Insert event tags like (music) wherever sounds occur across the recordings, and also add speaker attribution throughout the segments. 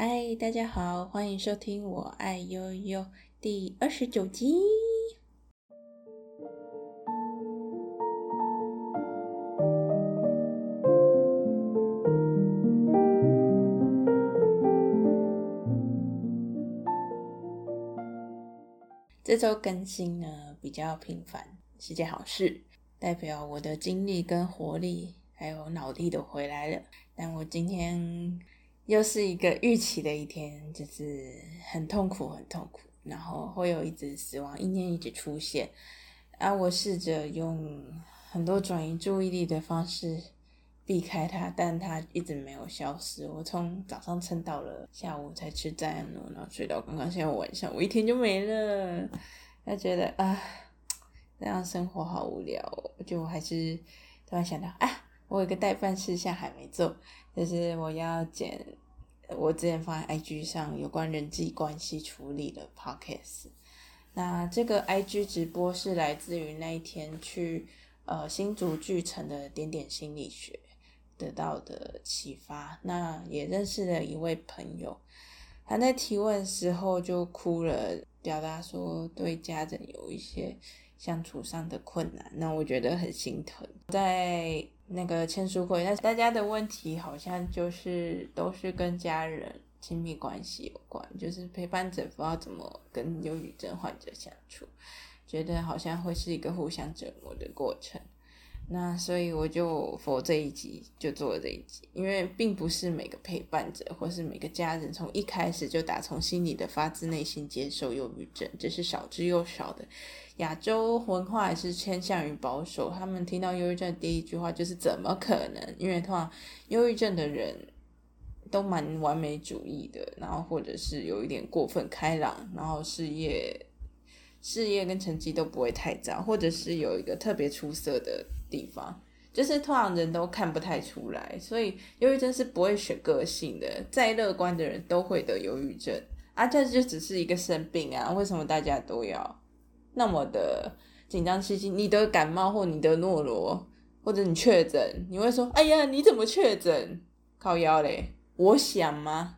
Speaker 1: 嗨，大家好，歡迎收聽我愛憂憂第二十九集。這週更新呢比較頻繁，是件好事，代表我的精力跟活力還有腦力都回來了。但我今天，又是一個預期的一天，就是很痛苦，很痛苦，然後會有一直死亡意念一直出現。啊，我試着用很多轉移注意力的方式避開它，但它一直沒有消失。我從早上撐到了下午才吃贊安諾，然後睡到剛剛現在晚上，我一天就沒了。他覺得啊，這樣生活好無聊哦，就還是突然想到啊。我有一個待辦事項還沒做，就是我要剪我之前放在 IG 上有關人際關係處理的 podcast。那這個 IG 直播是來自於那一天去呃新竹巨城的點點心理學得到的啟發。那也認識了一位朋友，他在提問時候就哭了，表達說對家人有一些相處上的困難。那我覺得很心疼。在那個簽書會，但是大家的問題好像就是都是跟家人親密關係有關，就是陪伴者不知道怎麼跟憂鬱症患者相處，覺得好像會是一個互相折磨的過程。那所以我就佛這一集就做這一集，因為並不是每個陪伴者或是每個家人從一開始就打從心裡的發自內心接受憂鬱症，這、就是少之又少的。亞洲文化也是傾向於保守，他們聽到憂鬱症第一句話就是怎麼可能？因為通常憂鬱症的人都蠻完美主義的，然後或者是有一點過分開朗，然後事業、事業跟成績都不會太差，或者是有一個特別出色的地方，就是通常人都看不太出來。所以憂鬱症是不會選個性的，再樂觀的人都會得憂鬱症啊！這就只是一個生病啊。為什麼大家都要那麼的緊張兮兮，你的感冒或你的諾羅，或者你確診，你會說：“哎呀，你怎麼確診？靠腰嘞，我想嗎？”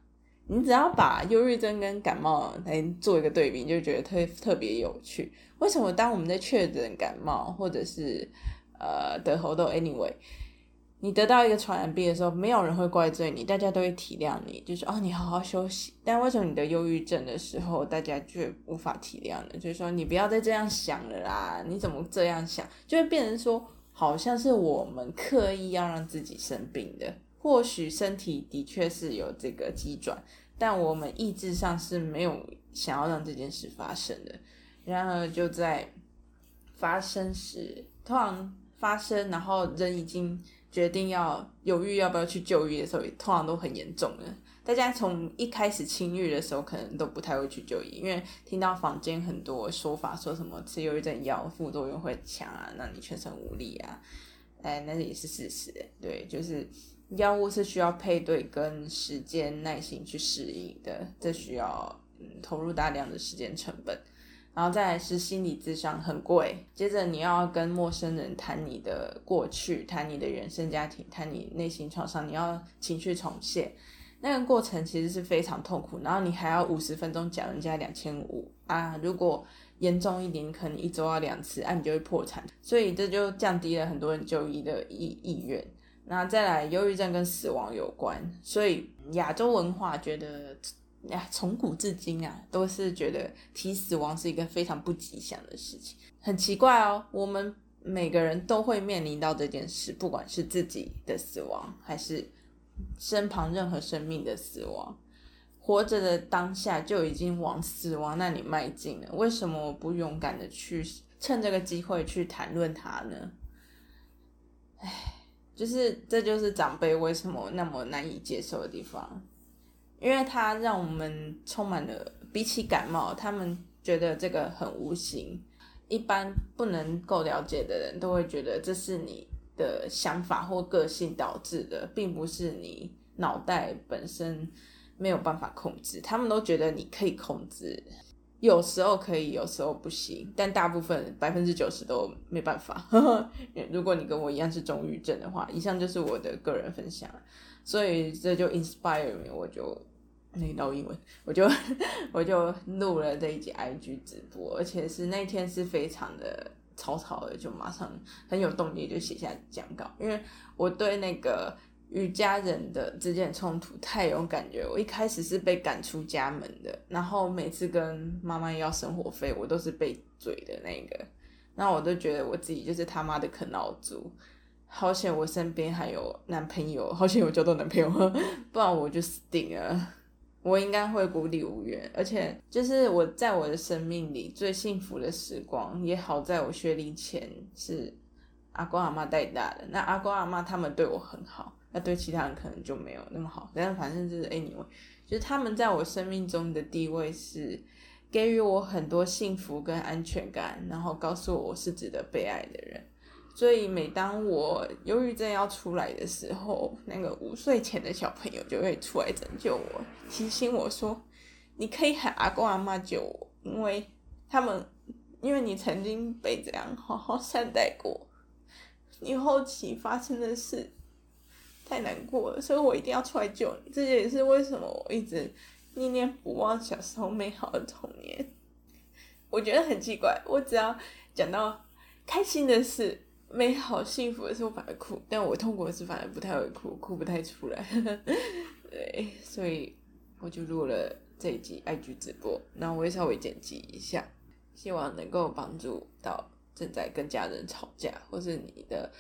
Speaker 1: 你只要把憂鬱症跟感冒來做一個對比，就覺得特特別有趣。為什麼當我們在確診感冒，或者是呃得喉嚨 anyway 你得到一個傳染病的時候，沒有人會怪罪你，大家都會體諒你，就是哦，你好好休息。但為什麼你得憂鬱症的時候，大家卻無法體諒呢？就是說，你不要再這樣想了啦，你怎麼這樣想，就會變成說，好像是我們刻意要讓自己生病的。或許身體的確是有這個機轉，但我們意志上是沒有想要讓這件事發生的，然而就在發生時，突然發生，然後人已經。決定要猶豫要不要去就醫的時候，也通常都很嚴重了。大家從一開始輕鬱的時候，可能都不太會去就醫，因為聽到坊間很多說法，說什麼吃憂鬱症藥副作用會強啊，讓你全身無力啊，哎，那也是事實。對，就是藥物是需要配對跟時間耐心去適應的，這需要、嗯、投入大量的時間成本。然後再來是心理諮商，很貴，接着你要跟陌生人談你的過去，談你的原生家庭，談你內心創傷，你要情緒重現，那個過程其實是非常痛苦。然後你還要五十分鐘講人家兩千五啊，如果嚴重一點，可能一周要兩次，那、啊、你就會破產。所以這就降低了很多人就醫的意意願。那再來，憂鬱症跟死亡有關，所以亞洲文化覺得。呀，從古至今啊，都是覺得提死亡是一個非常不吉祥的事情，很奇怪哦。我們每個人都會面臨到這件事，不管是自己的死亡，還是身旁任何生命的死亡，活着的當下就已經往死亡那裡邁進了。為什麼我不勇敢的去趁這個機會去談論它呢？哎，就是這就是長輩為什麼那麼難以接受的地方。因為它讓我們充滿了，比起感冒，他們覺得這個很無形，一般不能夠了解的人都會覺得這是你的想法或個性導致的，並不是你腦袋本身沒有辦法控制。他們都覺得你可以控制，有時候可以，有時候不行，但大部分百分之九十都沒辦法。 (laughs) 如果你跟我一樣是重鬱症的話，以上就是我的個人分享，所以這就 inspire me，我就。那道、 (noise) no, 英文，我就我就錄了這一集 IG 直播，而且是那天是非常的吵吵的，就馬上很有動力就寫下講稿，因為我對那個與家人的之間衝突太有感覺。我一開始是被趕出家門的，然後每次跟媽媽要生活費，我都是被嘴的那個，那我都覺得我自己就是他媽的啃老族。好險我身邊還有男朋友，好險我交到男朋友，不然我就死定了。我應該會孤立無援，而且就是我在我的生命裡最幸福的時光也好，在我學齡前是阿公阿嬤帶大的。那阿公阿嬤他們對我很好，那對其他人可能就沒有那麼好。但是反正就是 anyway，就是他們在我生命中的地位是給予我很多幸福跟安全感，然後告訴我，我是值得被愛的人。所以每當我憂鬱症要出來的時候，那個五歲前的小朋友就會出來拯救我，提醒我說：“你可以喊阿公阿嬤救我，因為他們因為你曾經被這樣好好善待過，你後期發生的事太難過了，所以我一定要出來救你。”這也是為什麼我一直念念不忘小時候美好的童年。我覺得很奇怪，我只要講到開心的事。美好幸福的時候反而哭，但我痛苦的時候反而不太會哭，哭不太出來。 (laughs) 對，所以我就錄了這一集 IG 直播，然後我也稍微剪輯一下，希望能夠幫助到正在跟家人吵架，或是你的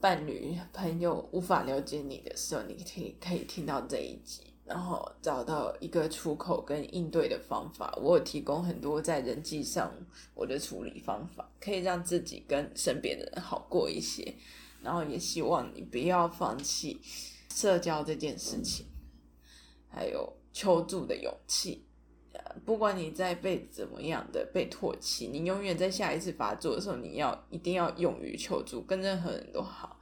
Speaker 1: 伴侶、朋友無法了解你的時候，你可以，可以聽到這一集。然後找到一個出口跟應對的方法，我有提供很多在人際上我的處理方法，可以讓自己跟身邊的人好過一些。然後也希望你不要放棄社交這件事情，還有求助的勇氣。不管你在被怎麼樣的被唾棄，你永遠在下一次發作的時候，你要一定要勇於求助，跟任何人都好。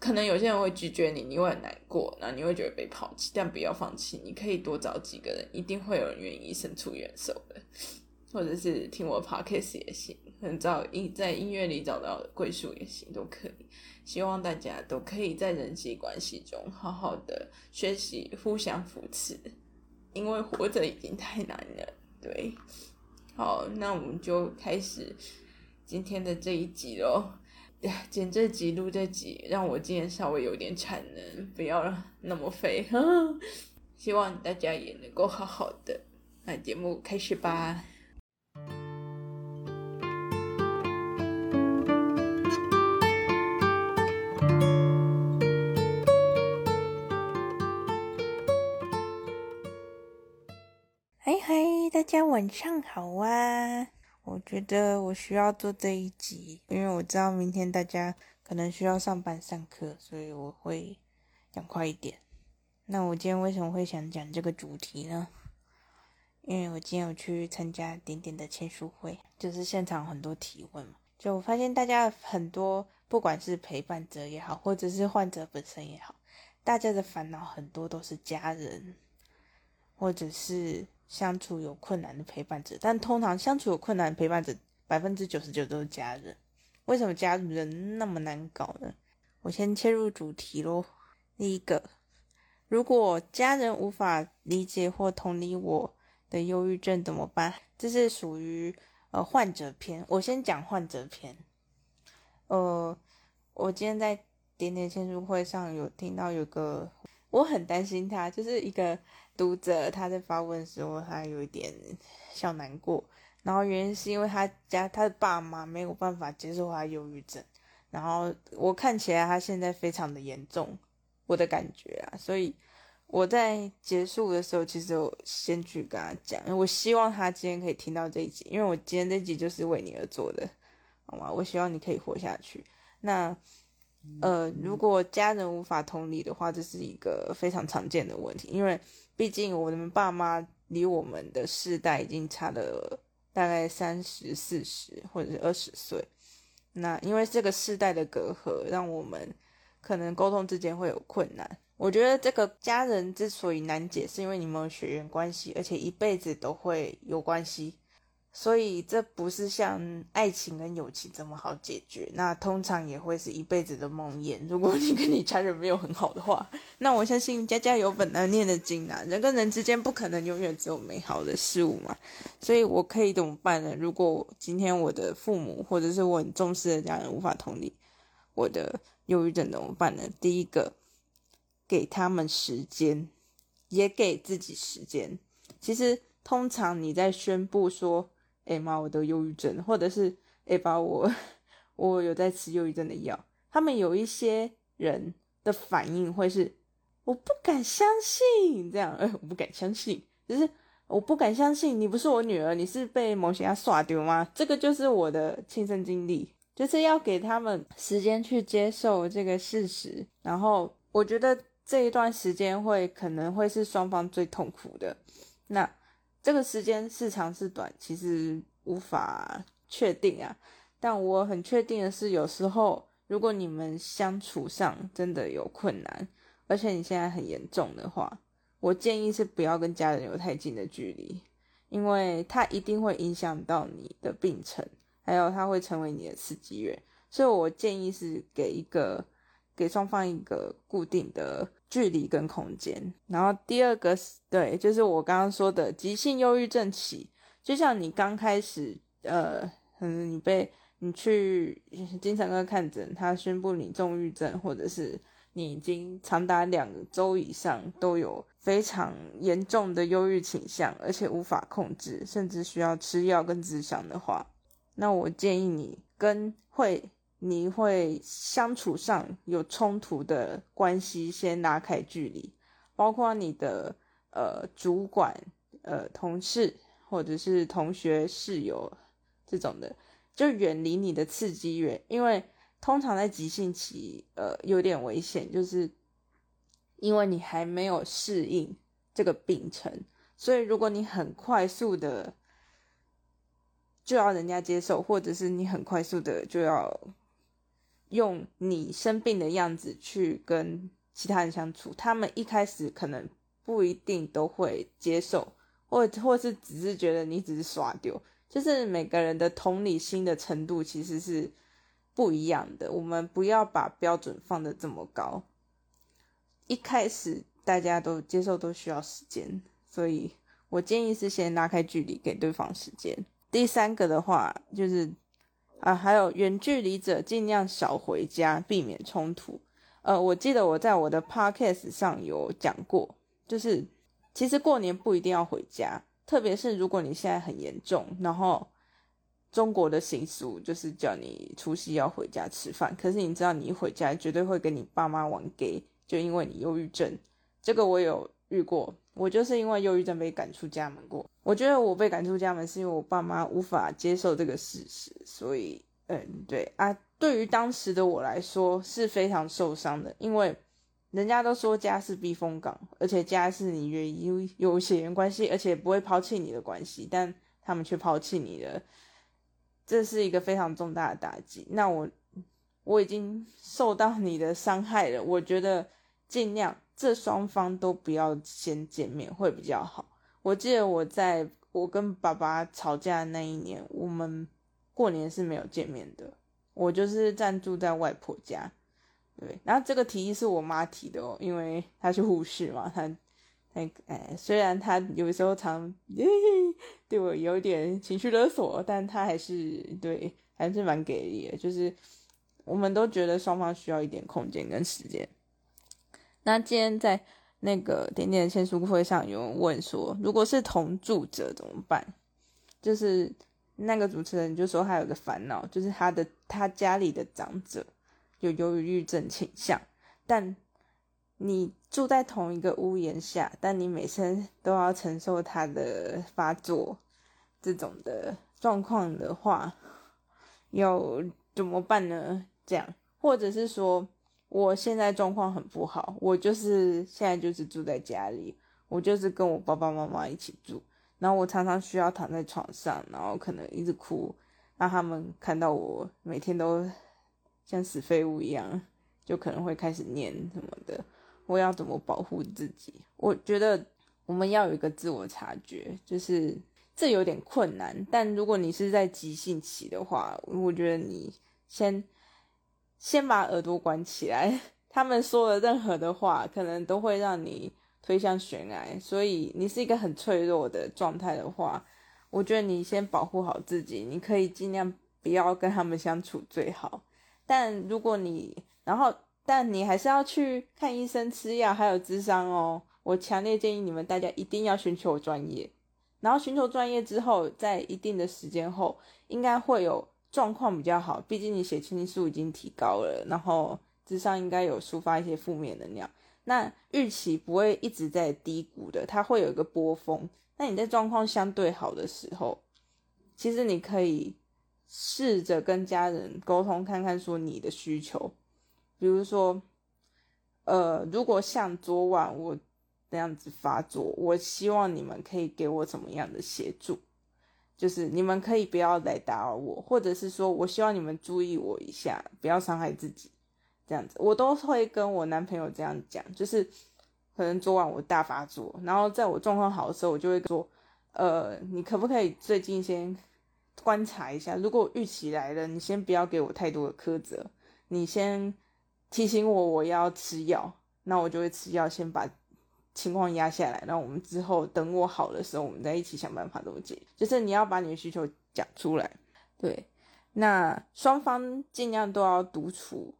Speaker 1: 可能有些人會拒絕你，你會很難過，那你會覺得被拋棄，但不要放棄，你可以多找幾個人，一定會有人願意伸出援手的，或者是聽我 podcast 也行，能找在音樂裡找到的歸宿也行，都可以。希望大家都可以在人際關係中好好的學習，互相扶持，因為活着已經太難了。對，好，那我們就開始今天的這一集嘍。剪這集，錄這集，讓我今天稍微有點產能，不要那麼廢。希望大家也能夠好好的。那節目開始吧。嗨嗨，大家晚上好啊！我覺得我需要做這一集，因為我知道明天大家可能需要上班上課，所以我會講快一點。那我今天為什麼會想講這個主題呢？因為我今天有去參加點點的簽書會，就是現場很多提問嘛，就我發現大家很多，不管是陪伴者也好，或者是患者本身也好，大家的煩惱很多都是家人，或者是。相處有困難的陪伴者，但通常相處有困難的陪伴者百分之九十九都是家人。為什麼家人那麼難搞呢？我先切入主題咯。第一個，如果家人無法理解，或同理我的憂鬱症怎麼辦？這是屬於呃患者篇。我先講患者篇。呃，我今天在點點簽書會上有聽到有個，我很擔心他，就是一個。讀者他在發問的時候，他有一點小難過，然後原因是因為他家他的爸媽沒有辦法接受他的憂鬱症，然後我看起來他現在非常的嚴重，我的感覺啊，所以我在結束的時候，其實我先去跟他講，我希望他今天可以聽到這一集，因為我今天這集就是為你而做的，好嗎？我希望你可以活下去。那呃，如果家人無法同理的話，這是一個非常常見的問題，因為。畢竟，我的爸媽離我們的世代已經差了大概三十四十或者是二十歲，那因為這個世代的隔閡，讓我們可能溝通之間會有困難。我覺得這個家人之所以難解，是因為你們有血緣關係，而且一輩子都會有關係。所以這不是像愛情跟友情這麼好解決，那通常也會是一輩子的夢魘。如果你跟你家人沒有很好的話，那我相信家家有本難念的經啊。人跟人之間不可能永遠只有美好的事物嘛。所以我可以怎麼辦呢？如果今天我的父母或者是我很重視的家人無法同理我的憂鬱症怎麼辦呢？第一個，給他們時間，也給自己時間。其實通常你在宣布說。哎、欸、媽，我得憂鬱症，或者是哎、欸、爸，我我有在吃憂鬱症的藥。他們有一些人的反應會是，我不敢相信這樣、欸，我不敢相信，就是我不敢相信你不是我女兒，你是被某些人耍丟嗎？這個就是我的親身經歷，就是要給他們時間去接受這個事實。然後我覺得這一段時間會可能會是雙方最痛苦的。那。這個時間是長是短，其實無法確定啊。但我很確定的是，有時候如果你們相處上真的有困難，而且你現在很嚴重的話，我建議是不要跟家人有太近的距離，因為他一定會影響到你的病程，還有他會成為你的刺激源。所以，我建議是給一個，給雙方一個固定的。距離跟空間，然後第二個是，對，就是我剛剛說的急性憂鬱症期，就像你剛開始，呃，嗯、你被你去精神科看診，他宣布你重鬱症，或者是你已經長達兩周以上都有非常嚴重的憂鬱傾向，而且無法控制，甚至需要吃藥跟自傷的話，那我建議你跟會。你會相處上有衝突的關係，先拉開距離，包括你的呃主管、呃同事或者是同學、室友這種的，就遠離你的刺激源，因為通常在急性期，呃有點危險，就是因為你還沒有適應這個病程，所以如果你很快速的就要人家接受，或者是你很快速的就要。用你生病的樣子去跟其他人相處，他們一開始可能不一定都會接受，或者或是只是覺得你只是耍丟，就是每個人的同理心的程度其實是不一樣的。我們不要把標準放得這麼高，一開始大家都接受都需要時間，所以我建議是先拉開距離，給對方時間。第三個的話就是。啊，還有遠距離者盡量少回家，避免衝突。呃，我記得我在我的 podcast 上有講過，就是其實過年不一定要回家，特別是如果你現在很嚴重，然後中國的習俗就是叫你除夕要回家吃飯，可是你知道你一回家絕對會跟你爸媽玩 gay，就因為你憂鬱症。這個我有。遇過，我就是因為憂鬱症被趕出家門過。我覺得我被趕出家門是因為我爸媽無法接受這個事實，所以，嗯，對啊，對於當時的我來說是非常受傷的，因為人家都說家是避風港，而且家是你原有有血緣關係，而且不會拋棄你的關係，但他們卻拋棄你了，這是一個非常重大的打擊。那我我已經受到你的傷害了，我覺得盡量。這雙方都不要先見面會比較好。我記得我在我跟爸爸吵架的那一年，我們過年是沒有見面的。我就是暫住在外婆家，對。然後這個提議是我媽提的哦，因為她是護士嘛，她，她，哎，雖然她有時候常對我有點情緒勒索，但她還是對，還是蠻給力的。就是我們都覺得雙方需要一點空間跟時間。那今天在那個點點的簽書會上，有人問說：“如果是同住者怎麼辦？”就是那個主持人就說：“他有個煩惱，就是他的他家裡的長者有憂鬱症傾向，但你住在同一個屋檐下，但你每天都要承受他的發作這種的狀況的話，要怎麼辦呢？這樣，或者是說？”我現在狀況很不好，我就是現在就是住在家裡，我就是跟我爸爸媽媽一起住，然後我常常需要躺在床上，然後可能一直哭，讓他們看到我每天都像死廢物一樣，就可能會開始念什麼的，我要怎麼保護自己？我覺得我們要有一個自我察覺，就是這有點困難，但如果你是在急性期的話，我覺得你先。先把耳朵關起來，他們說了任何的話，可能都會讓你推向懸崖。所以你是一個很脆弱的狀態的話，我覺得你先保護好自己，你可以盡量不要跟他們相處最好。但如果你，然後但你還是要去看醫生吃藥，還有諮商哦。我強烈建議你們大家一定要尋求專業，然後尋求專業之後，在一定的時間後，應該會有。狀況比較好，畢竟你血清素已經提高了，然後至少應該有抒發一些負面能量。那預期不會一直在低谷的，它會有一個波峰。那你在狀況相對好的時候，其實你可以試着跟家人溝通，看看說你的需求，比如說，呃，如果像昨晚我那樣子發作，我希望你們可以給我怎麼樣的協助。就是你們可以不要來打擾我，或者是說我希望你們注意我一下，不要傷害自己，這樣子。我都會跟我男朋友這樣講。就是可能昨晚我大發作，然後在我狀況好的時候，我就會說，呃，你可不可以最近先觀察一下，如果鬱期來了，你先不要給我太多的苛責，你先提醒我我要吃藥，那我就會吃藥先把情況壓下來，然後我們之後等我好的時候，我們再一起想辦法怎麼解決。就是你要把你的需求講出來，對。那雙方盡量都要獨處，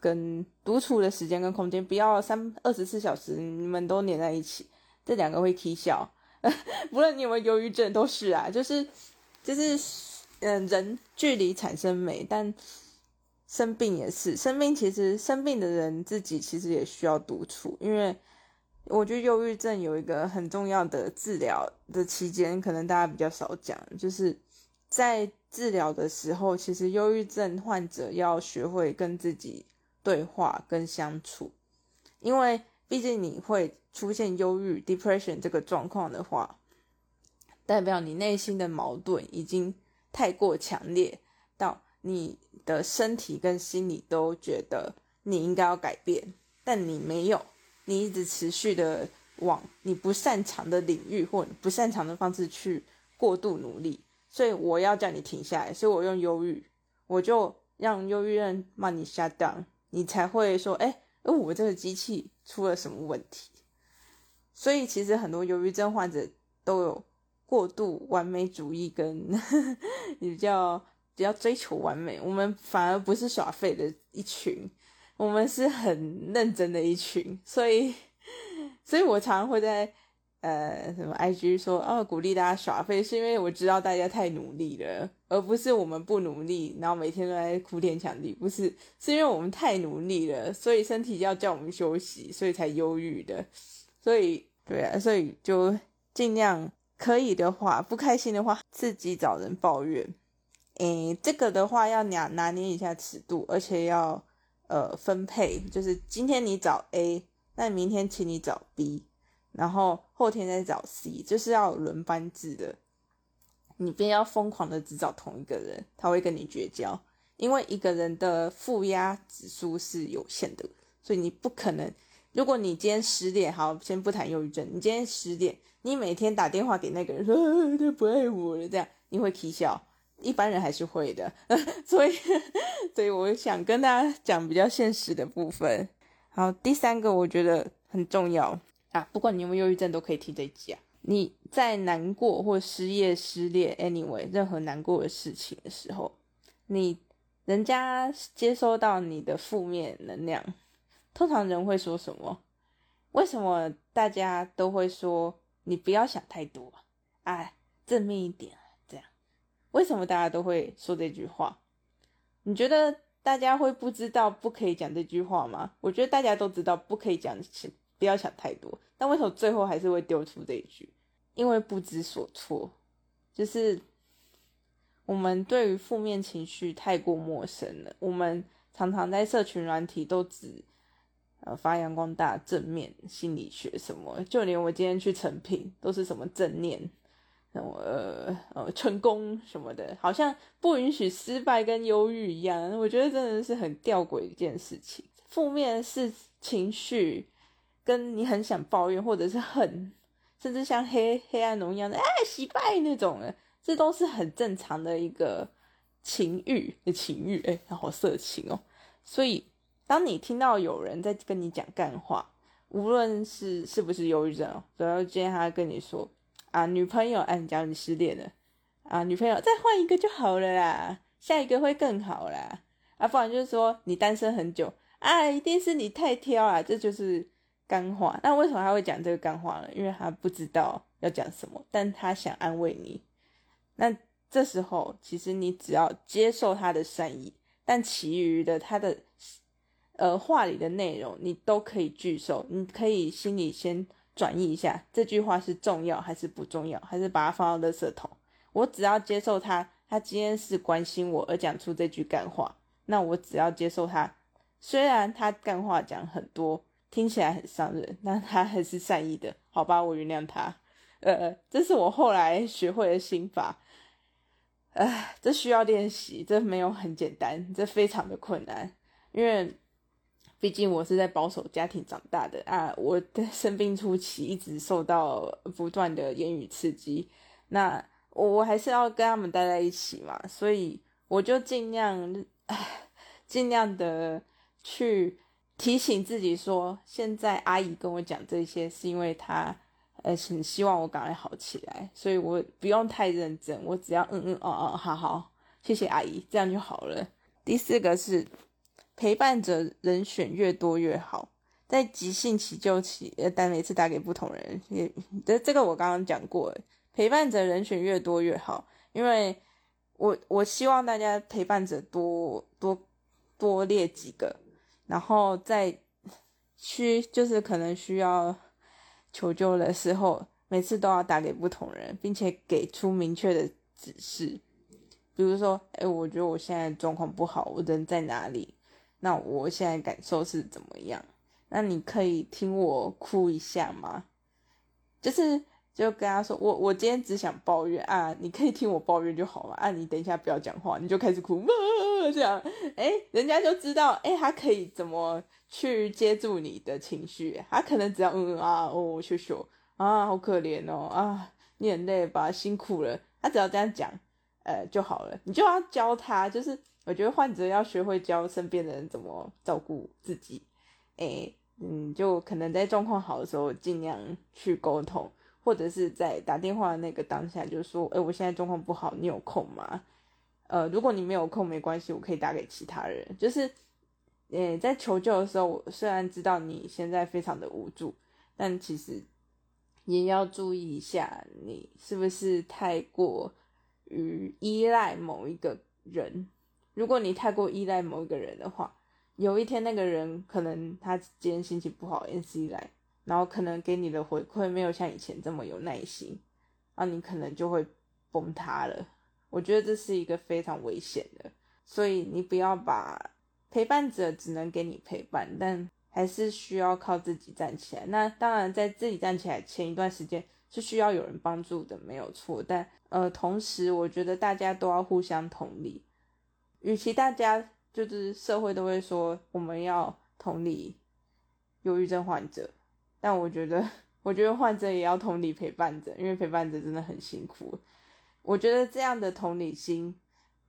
Speaker 1: 跟獨處的時間跟空間不要三二十四小時，你們都黏在一起，這兩個會踢笑。 (laughs) 不論你有沒有憂鬱症，都是啊，就是就是，嗯，人距離產生美，但生病也是生病。其實生病的人自己其實也需要獨處，因為。我覺得憂鬱症有一個很重要的治療的期間，可能大家比較少講，就是在治療的時候，其實憂鬱症患者要學會跟自己對話跟相處，因為畢竟你會出現憂鬱 depression 這個狀況的話，代表你內心的矛盾已經太過強烈，到你的身體跟心理都覺得你應該要改變，但你沒有。你一直持續的往你不擅長的領域或你不擅長的方式去過度努力，所以我要叫你停下來。所以，我用憂鬱，我就讓憂鬱症罵你下 h 你才會說，哎、哦，我這個機器出了什麼問題？所以，其實很多憂鬱症患者都有過度完美主義，跟呵呵你比較比較追求完美。我們反而不是耍廢的一群。我們是很認真的一群，所以，所以我常常會在呃什麼 IG 說哦，鼓勵大家耍廢，是因為我知道大家太努力了，而不是我們不努力，然後每天都在哭天搶地，不是，是因為我們太努力了，所以身體要叫我們休息，所以才憂鬱的，所以對啊，所以就儘量可以的話，不開心的話自己找人抱怨，誒，這個的話要拿拿，捏一下尺度，而且要。呃，分配就是今天你找 A，那明天請你找 B，然後後天再找 C，就是要輪班制的。你不要瘋狂的只找同一個人，他會跟你絕交，因為一個人的負壓指數是有限的，所以你不可能。如果你今天十點，好，先不談憂鬱症，你今天十點，你每天打電話給那個人說他不愛我了，這樣，你會起肖。一般人還是會的，呵呵，所以所以我想跟大家講比較現實的部分。好，第三個我覺得很重要啊，不管你有沒有憂鬱症，都可以聽這一集啊。你在難過或失業失、失戀，anyway，任何難過的事情的時候，你人家接收到你的負面能量，通常人會說什麼？為什麼大家都會說，你不要想太多？哎、啊，正面一點。為什麼大家都會說這句話？你覺得大家會不知道不可以講這句話嗎？我覺得大家都知道不可以講，不要想太多。但為什麼最後還是會丟出這一句？因為不知所措，就是我們對於負面情緒太過陌生了。我們常常在社群軟體都只、呃、發揚光大正面心理學什麼，就連我今天去誠品都是什麼正念。那我呃呃成功什麼的，好像不允許失敗跟憂鬱一樣，我覺得真的是很吊詭一件事情。負面是情緒，跟你很想抱怨或者是很，甚至像黑黑暗龍一樣的，哎，洗白那種，這都是很正常的一個情慾的情慾，哎、欸，好色情哦。所以當你聽到有人在跟你講幹話，無論是是不是憂鬱症，主要今天他跟你說。啊，女朋友，哎、啊，你講你失戀了，啊，女朋友再換一個就好了啦，下一個會更好啦，啊，不然就是說你單身很久，啊，一定是你太挑啊，這就是幹話。那為什麼他會講這個幹話呢？因為他不知道要講什麼，但他想安慰你。那這時候其實你只要接受他的善意，但其餘的他的呃話裡的內容你都可以拒收，你可以心裡先。轉移一下，這句話是重要還是不重要？還是把它放到垃圾桶？我只要接受他，他今天是關心我而講出這句幹話，那我只要接受他。雖然他幹話講很多，聽起來很傷人，但他還是善意的，好吧，我原諒他。呃，這是我後來學會的心法。唉，呃，這需要練習，這沒有很簡單，這非常的困難，因為，畢竟我是在保守家庭長大的啊，我的生病初期一直受到不斷的言語刺激，那我還是要跟他們待在一起嘛，所以我就盡量唉，盡量的去提醒自己說，現在阿姨跟我講這些是因為她，呃，很希望我趕快好起來，所以我不用太認真，我只要嗯嗯哦哦，好好，謝謝阿姨，這樣就好了。第四個是。陪伴者人選越多越好，在急性求救期呃，但每次打給不同人，也這這個我剛剛講過，陪伴者人選越多越好，因為我我希望大家陪伴者多多多列幾個，然後在需就是可能需要求救的時候，每次都要打給不同人，並且給出明確的指示，比如說，哎，我覺得我現在狀況不好，我人在哪裡？那我現在感受是怎麼樣？那你可以聽我哭一下嗎？就是就跟他說，我我今天只想抱怨啊，你可以聽我抱怨就好了。啊，你等一下不要講話，你就開始哭，啊、這樣，哎、欸，人家就知道，哎、欸，他可以怎麼去接住你的情緒？他可能只要嗯啊哦，秀秀啊，好可憐哦啊，你很累吧，辛苦了。他只要這樣講，呃就好了。你就要教他，就是。我覺得患者要學會教身邊的人怎麼照顧自己。欸，嗯，就可能在狀況好的時候盡量去溝通，或者是在打電話的那個當下，就說，欸，我現在狀況不好，你有空嗎？呃，如果你沒有空，沒關係，我可以打給其他人。就是，欸，在求救的時候，我雖然知道你現在非常的無助，但其實也要注意一下，你是不是太過於依賴某一個人。如果你太過依賴某一個人的話，有一天那個人可能他今天心情不好，MC 來、line, 然後可能給你的回饋沒有像以前這麼有耐心，啊，你可能就會崩塌了。我覺得這是一個非常危險的，所以你不要把陪伴者只能給你陪伴，但還是需要靠自己站起來。那當然，在自己站起來前一段時間是需要有人幫助的，沒有錯。但呃，同時我覺得大家都要互相同理。與其大家就是社會都會說我們要同理憂鬱症患者，但我覺得，我覺得患者也要同理陪伴者，因為陪伴者真的很辛苦。我覺得這樣的同理心，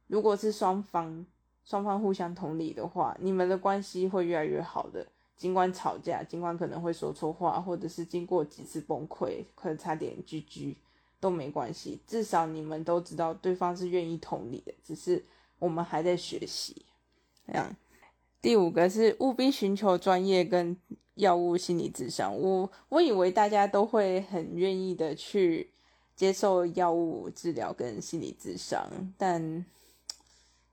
Speaker 1: 如果是雙方雙方互相同理的話，你們的關係會越來越好的。儘管吵架，儘管可能會說錯話，或者是經過幾次崩潰，可能差點 GG 都沒關係。至少你們都知道對方是願意同理的，只是。我們還在學習，這樣。第五個是務必尋求專業跟藥物心理諮商。我我以為大家都會很願意的去接受藥物治療跟心理諮商，但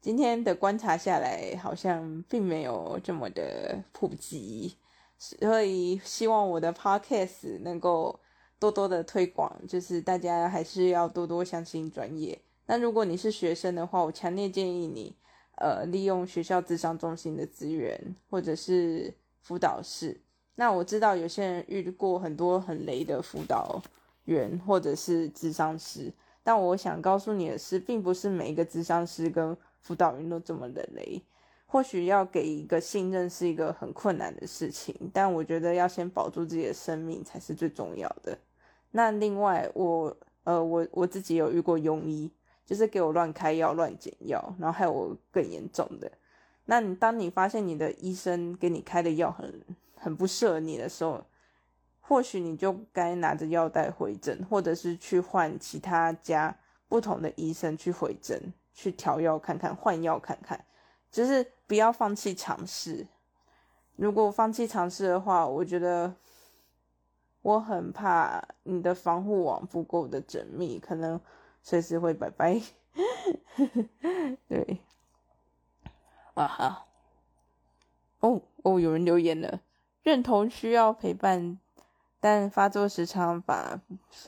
Speaker 1: 今天的觀察下來，好像並沒有這麼的普及。所以希望我的 podcast 能夠多多的推廣，就是大家還是要多多相信專業。那如果你是學生的話，我強烈建議你，呃，利用學校諮商中心的資源或者是輔導室。那我知道有些人遇過很多很雷的輔導員或者是諮商師，但我想告訴你的是，並不是每一個諮商師跟輔導員都這麼的雷。或許要給一個信任是一個很困難的事情，但我覺得要先保住自己的生命才是最重要的。那另外我，我呃，我我自己有遇過庸醫。就是給我亂開藥、亂減藥，然後害我更嚴重的。那你當你發現你的醫生給你開的藥很很不適合你的時候，或許你就該拿着藥袋回診，或者是去換其他家不同的醫生去回診，去調藥看看、換藥看看，就是不要放棄嘗試。如果放棄嘗試的話，我覺得我很怕你的防護網不夠的縝密，可能。隨時會拜拜， (laughs) 對，啊哈，哦哦，有人留言了，認同需要陪伴，但發作時常把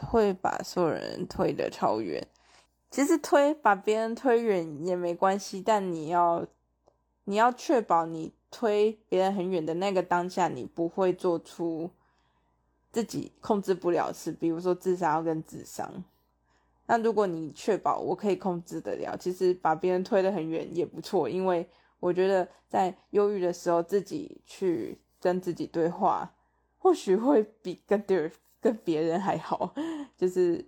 Speaker 1: 會把所有人推的超遠。其實推把別人推遠也沒關係，但你要你要確保你推別人很遠的那個當下，你不會做出自己控制不了的事，比如說自殺跟自傷那如果你確保我可以控制得了，其實把別人推得很遠也不錯，因為我覺得在憂鬱的時候，自己去跟自己對話，或許會比跟對跟別人還好。就是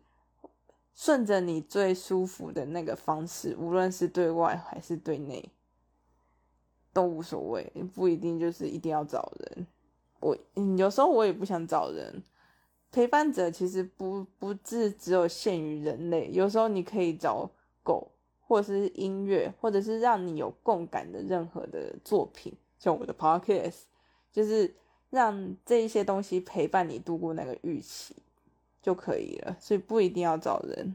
Speaker 1: 順着你最舒服的那個方式，無論是對外還是對內，都無所謂，不一定就是一定要找人。我，有時候我也不想找人。陪伴者其實不不只只有限於人類，有時候你可以找狗，或者是音樂，或者是讓你有共感的任何的作品，像我的 podcast 就是讓這一些東西陪伴你度過那個預期就可以了。所以不一定要找人。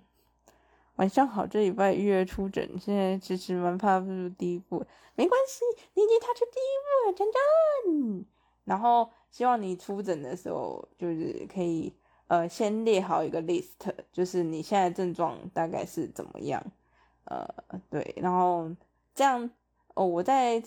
Speaker 1: 晚上好，這禮拜預約出診，現在其實蠻怕不如第一步，沒關係，你已經踏出第一步了，真真，然後。希望你出診的時候，就是可以呃先列好一個 list，就是你現在症狀大概是怎麼樣，呃對，然後這樣哦。我在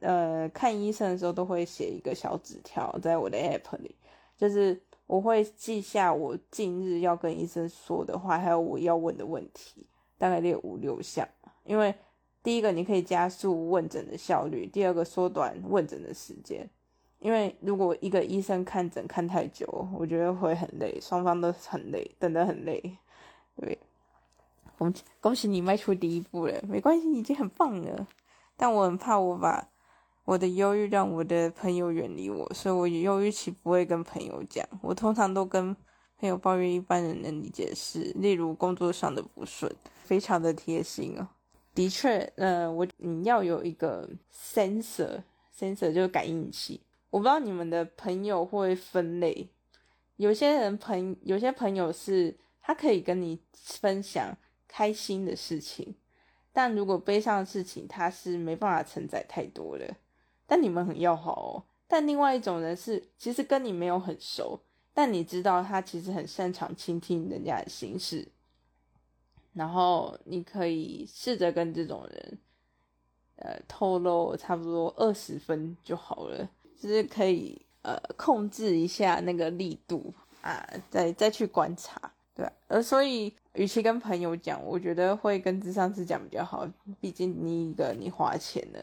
Speaker 1: 呃看醫生的時候都會寫一個小紙條在我的 app 裡，就是我會記下我近日要跟醫生說的話，還有我要問的問題，大概列五六項，因為第一個你可以加速問診的效率，第二個縮短問診的時間。因為如果一個醫生看診看太久，我覺得會很累，雙方都很累，等得很累。對，恭喜恭喜你邁出第一步了，沒關係，已經很棒了。但我很怕我把我的憂鬱讓我的朋友遠離我，所以我以憂鬱期不會跟朋友講。我通常都跟朋友抱怨一般人能理解事，例如工作上的不順，非常的貼心哦。的確，呃，我你要有一個 sensor，sensor sensor 就是感應器。我不知道你們的朋友會分類，有些人朋有些朋友是，他可以跟你分享開心的事情，但如果悲傷的事情，他是沒辦法承載太多的。但你們很要好哦。但另外一種人是，其實跟你沒有很熟，但你知道他其實很擅長傾聽人家的心事，然後你可以試着跟這種人，呃，透露差不多二十分就好了。就是可以呃控制一下那個力度啊，再再去觀察，對吧？啊。呃，所以與其跟朋友講，我覺得會跟諮商師講比較好，畢竟你一個你花錢了，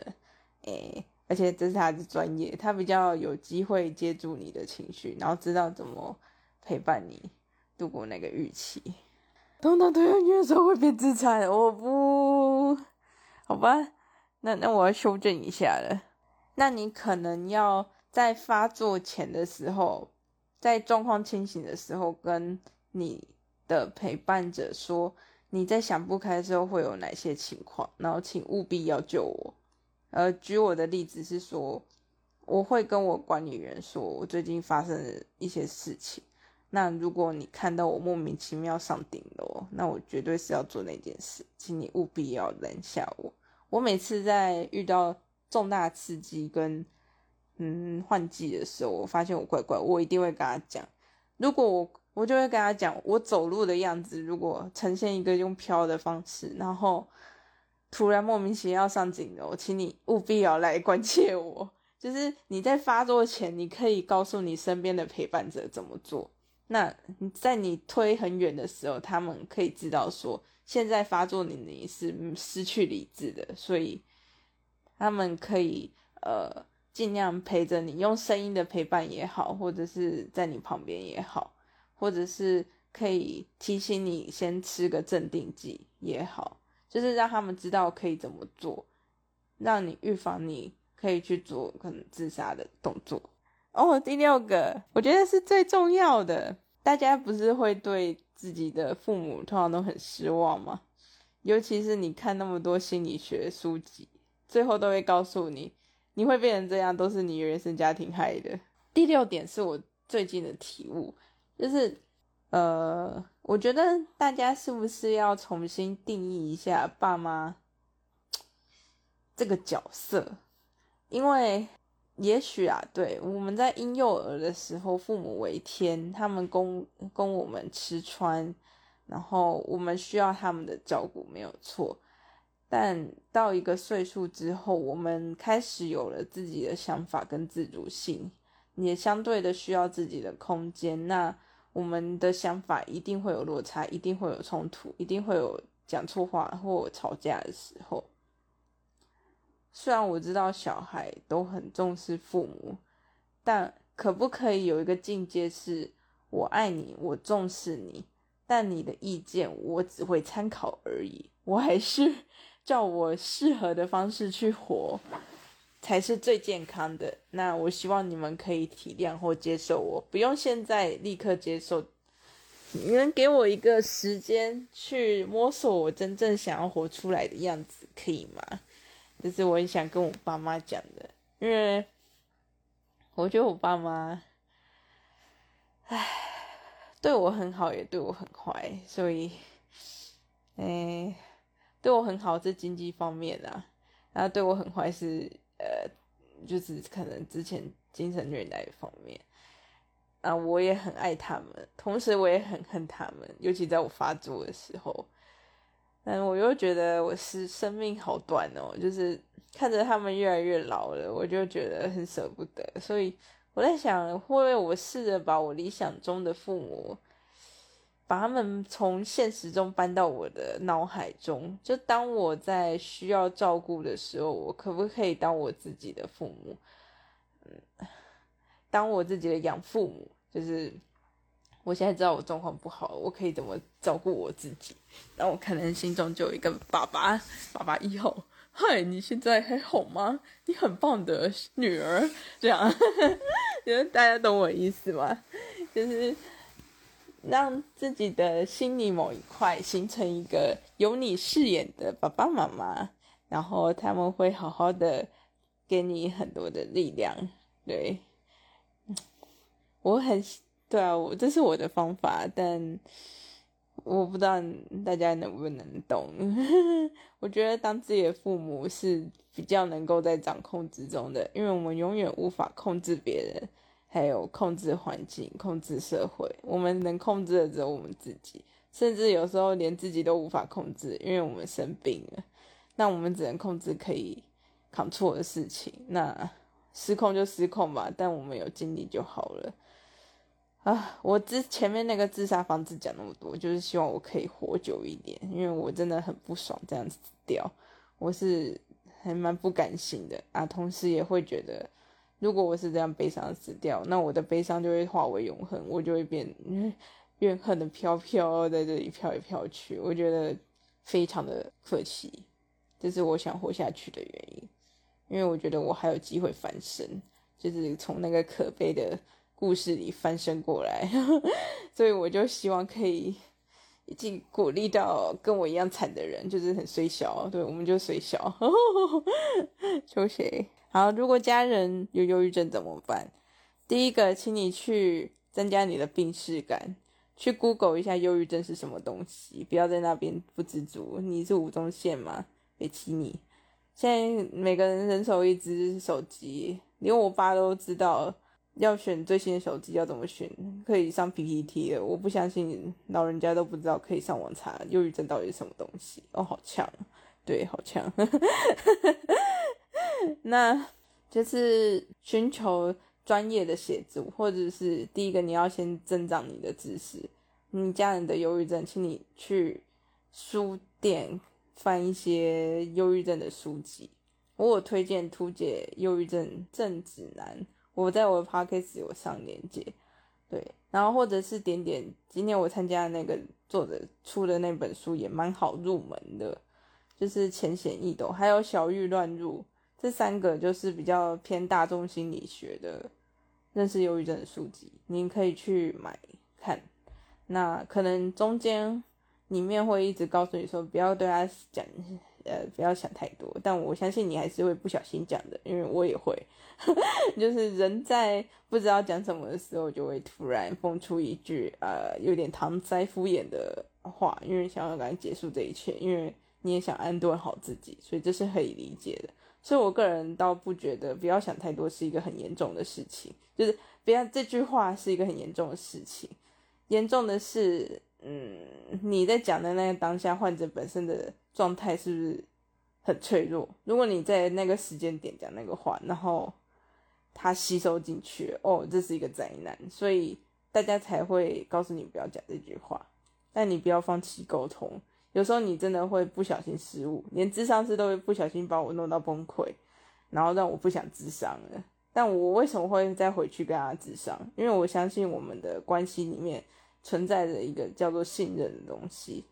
Speaker 1: 誒、欸，而且這是他的專業，他比較有機會接住你的情緒，然後知道怎麼陪伴你度過那個鬱期等等，的時候會變制裁，我不，好吧，那那我要修正一下了。那你可能要在發作前的時候，在狀況清醒的時候，跟你的陪伴者說，你在想不開的時候會有哪些情況，然後請務必要救我。呃，舉我的例子是說，我會跟我管理員說我最近發生的一些事情。那如果你看到我莫名其妙上頂樓，那我絕對是要做那件事，請你務必要攔下我。我每次在遇到重大刺激跟嗯換季的時候，我發現我怪怪，我一定會跟他講。如果我我就會跟他講，我走路的樣子如果呈現一個用飄的方式，然後突然莫名其妙要上頂樓，我請你務必要來關切我。就是你在發作前，你可以告訴你身邊的陪伴者怎麼做。那在你推很遠的時候，他們可以知道說，現在發作你你是失去理智的，所以。他們可以呃盡量陪着你，用聲音的陪伴也好，或者是在你旁邊也好，或者是可以提醒你先吃個鎮定劑也好，就是讓他們知道可以怎麼做，讓你預防你可以去做可能自殺的動作。哦，第六個，我覺得是最重要的。大家不是會對自己的父母通常都很失望嗎？尤其是你看那麼多心理學書籍。最後都會告訴你，你會變成這樣，都是你原生家庭害的。第六點是我最近的體悟，就是呃，我覺得大家是不是要重新定義一下爸媽這個角色？因為也許啊，對，我們在嬰幼兒的時候，父母為天，他們供供我們吃穿，然後我們需要他們的照顧，沒有錯。但到一個歲數之後，我們開始有了自己的想法跟自主性，也相對的需要自己的空間。那我們的想法一定會有落差，一定會有衝突，一定會有講錯話或吵架的時候。雖然我知道小孩都很重視父母，但可不可以有一個境界是：我愛你，我重視你，但你的意見我只會參考而已，我還是，照我適合的方式去活，才是最健康的。那我希望你們可以體諒或接受我，不用現在立刻接受。你能給我一個時間去摸索我真正想要活出來的樣子，可以嗎？這、就是我很想跟我爸媽講的，因為我覺得我爸媽，唉，對我很好，也對我很壞，所以，對我很好是經濟方面啊，然後對我很壞是呃，就是可能之前精神虐待方面啊，我也很愛他們，同時我也很恨他們，尤其在我發作的時候，但我又覺得我是生命好短哦，就是看着他們越來越老了，我就覺得很舍不得，所以我在想，會不會我試着把我理想中的父母。把他們從現實中搬到我的腦海中，就當我在需要照顧的時候，我可不可以當我自己的父母？嗯，當我自己的養父母，就是我現在知道我狀況不好，我可以怎麼照顧我自己？那我可能心中就有一個爸爸，爸爸以後，嗨，你現在還好嗎？你很棒的女兒，這樣，就 (laughs) 是大家懂我意思嗎？就是。讓自己的心裡某一塊形成一個由你飾演的爸爸媽媽，然後他們會好好的給你很多的力量。對，我很，對啊，我這是我的方法，但我不知道大家能不能懂。 (laughs) 我覺得當自己的父母是比較能夠在掌控之中的，因為我們永遠無法控制別人。還有控制環境，控制社會，我們能控制的只有我們自己，甚至有時候連自己都無法控制，因為我們生病了。那我們只能控制可以 control 的事情，那失控就失控吧，但我們有盡力就好了。啊，我之前面那個自殺方式講那麼多，就是希望我可以活久一點，因為我真的很不爽這樣死掉，我是還蠻不甘心的啊，同時也會覺得。如果我是這樣悲傷死掉，那我的悲傷就會化為永恆，我就會變怨恨的飄飄，在這裡飄一飄去。我覺得非常的可惜，這是我想活下去的原因，因為我覺得我還有機會翻身，就是從那個可悲的故事裡翻身過來。 (laughs) 所以我就希望可以，盡鼓勵到跟我一樣慘的人，就是很衰小，對，我們就衰小，求 (laughs) 誰好，如果家人有憂鬱症怎麼辦？第一個，請你去增加你的病識感，去 Google 一下憂鬱症是什麼東西，不要在那邊不知足。你是吳宗憲嗎？別、欸、請你。現在每個人人手一只手機，連我爸都知道要選最新的手機要怎麼選，可以上 PPT 了。我不相信老人家都不知道可以上網查憂鬱症到底是什麼東西。哦，好嗆，對，好嗆。 (laughs) (laughs) 那就是尋求專業的協助，或者是第一個你要先增長你的知識。你家人的憂鬱症，請你去書店翻一些憂鬱症的書籍。我有推薦《圖解憂鬱症完全指南》，我在我的 podcast 有上鏈接。對，然後或者是點點，今天我參加的那個作者出的那本書也蠻好入門的，就是淺顯易懂。還有小鬱亂入。這三個就是比較偏大眾心理學的，認識憂鬱症的書籍，您可以去買看。那可能中間裡面會一直告訴你說不要對他講，呃，不要想太多。但我相信你還是會不小心講的，因為我也會，呵呵，就是人在不知道講什麼的時候，就會突然蹦出一句，呃，有點搪塞敷衍的話，因為想要趕緊結束這一切，因為你也想安頓好自己，所以這是可以理解的。所以，我個人倒不覺得不要想太多是一個很嚴重的事情，就是不要，這句話是一個很嚴重的事情。嚴重的是，嗯，你在講的那個當下，患者本身的狀態是不是很脆弱？如果你在那個時間點講那個話，然後他吸收進去，哦，這是一個災難，所以大家才會告訴你不要講這句話。但你不要放棄溝通。有時候你真的會不小心失誤，連諮商師都會不小心把我弄到崩潰，然後讓我不想諮商了。但我為什麼會再回去跟他諮商？因為我相信我們的關係裡面存在着一個叫做信任的東西。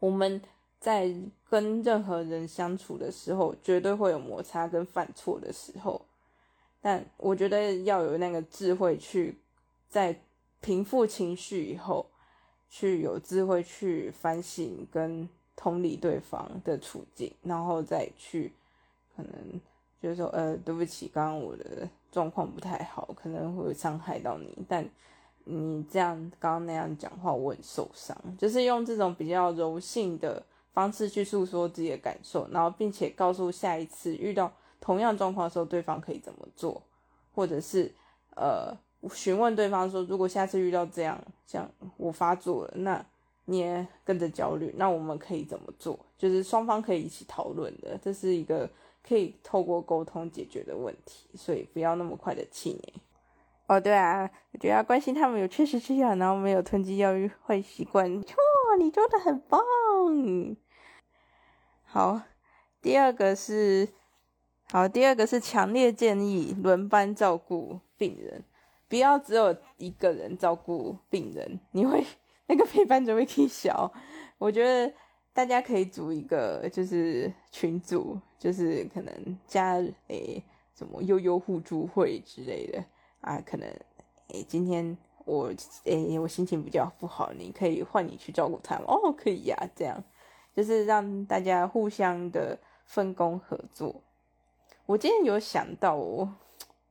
Speaker 1: 我們在跟任何人相處的時候，絕對會有摩擦跟犯錯的時候，但我覺得要有那個智慧去在平復情緒以後。去有智慧去反省跟同理對方的處境，然後再去可能就是說，呃，對不起，剛剛我的狀況不太好，可能會傷害到你，但你這樣剛剛那樣講話，我很受傷。就是用這種比較柔性的方式去訴說自己的感受，然後並且告訴下一次遇到同樣狀況的時候，對方可以怎麼做，或者是呃。詢問對方說：“如果下次遇到這樣，這樣，我發作了，那你也跟着焦慮，那我們可以怎麼做？就是雙方可以一起討論的，這是一個可以透過溝通解決的問題，所以不要那麼快的氣餒。”哦，對啊，我覺得要關心他們有確實吃藥，然後沒有囤積藥物壞習慣。錯、哦，你做的很棒。好，第二個是好，第二個是強烈建議輪班照顧病人。不要只有一個人照顧病人，你會那個陪伴就會挺小。我覺得大家可以組一個，就是群組，就是可能加誒什麼憂憂互助會之類的啊。可能誒、欸、今天我誒、欸、我心情比較不好，你可以換你去照顧他哦，可以呀、啊。這樣就是讓大家互相的分工合作。我今天有想到，我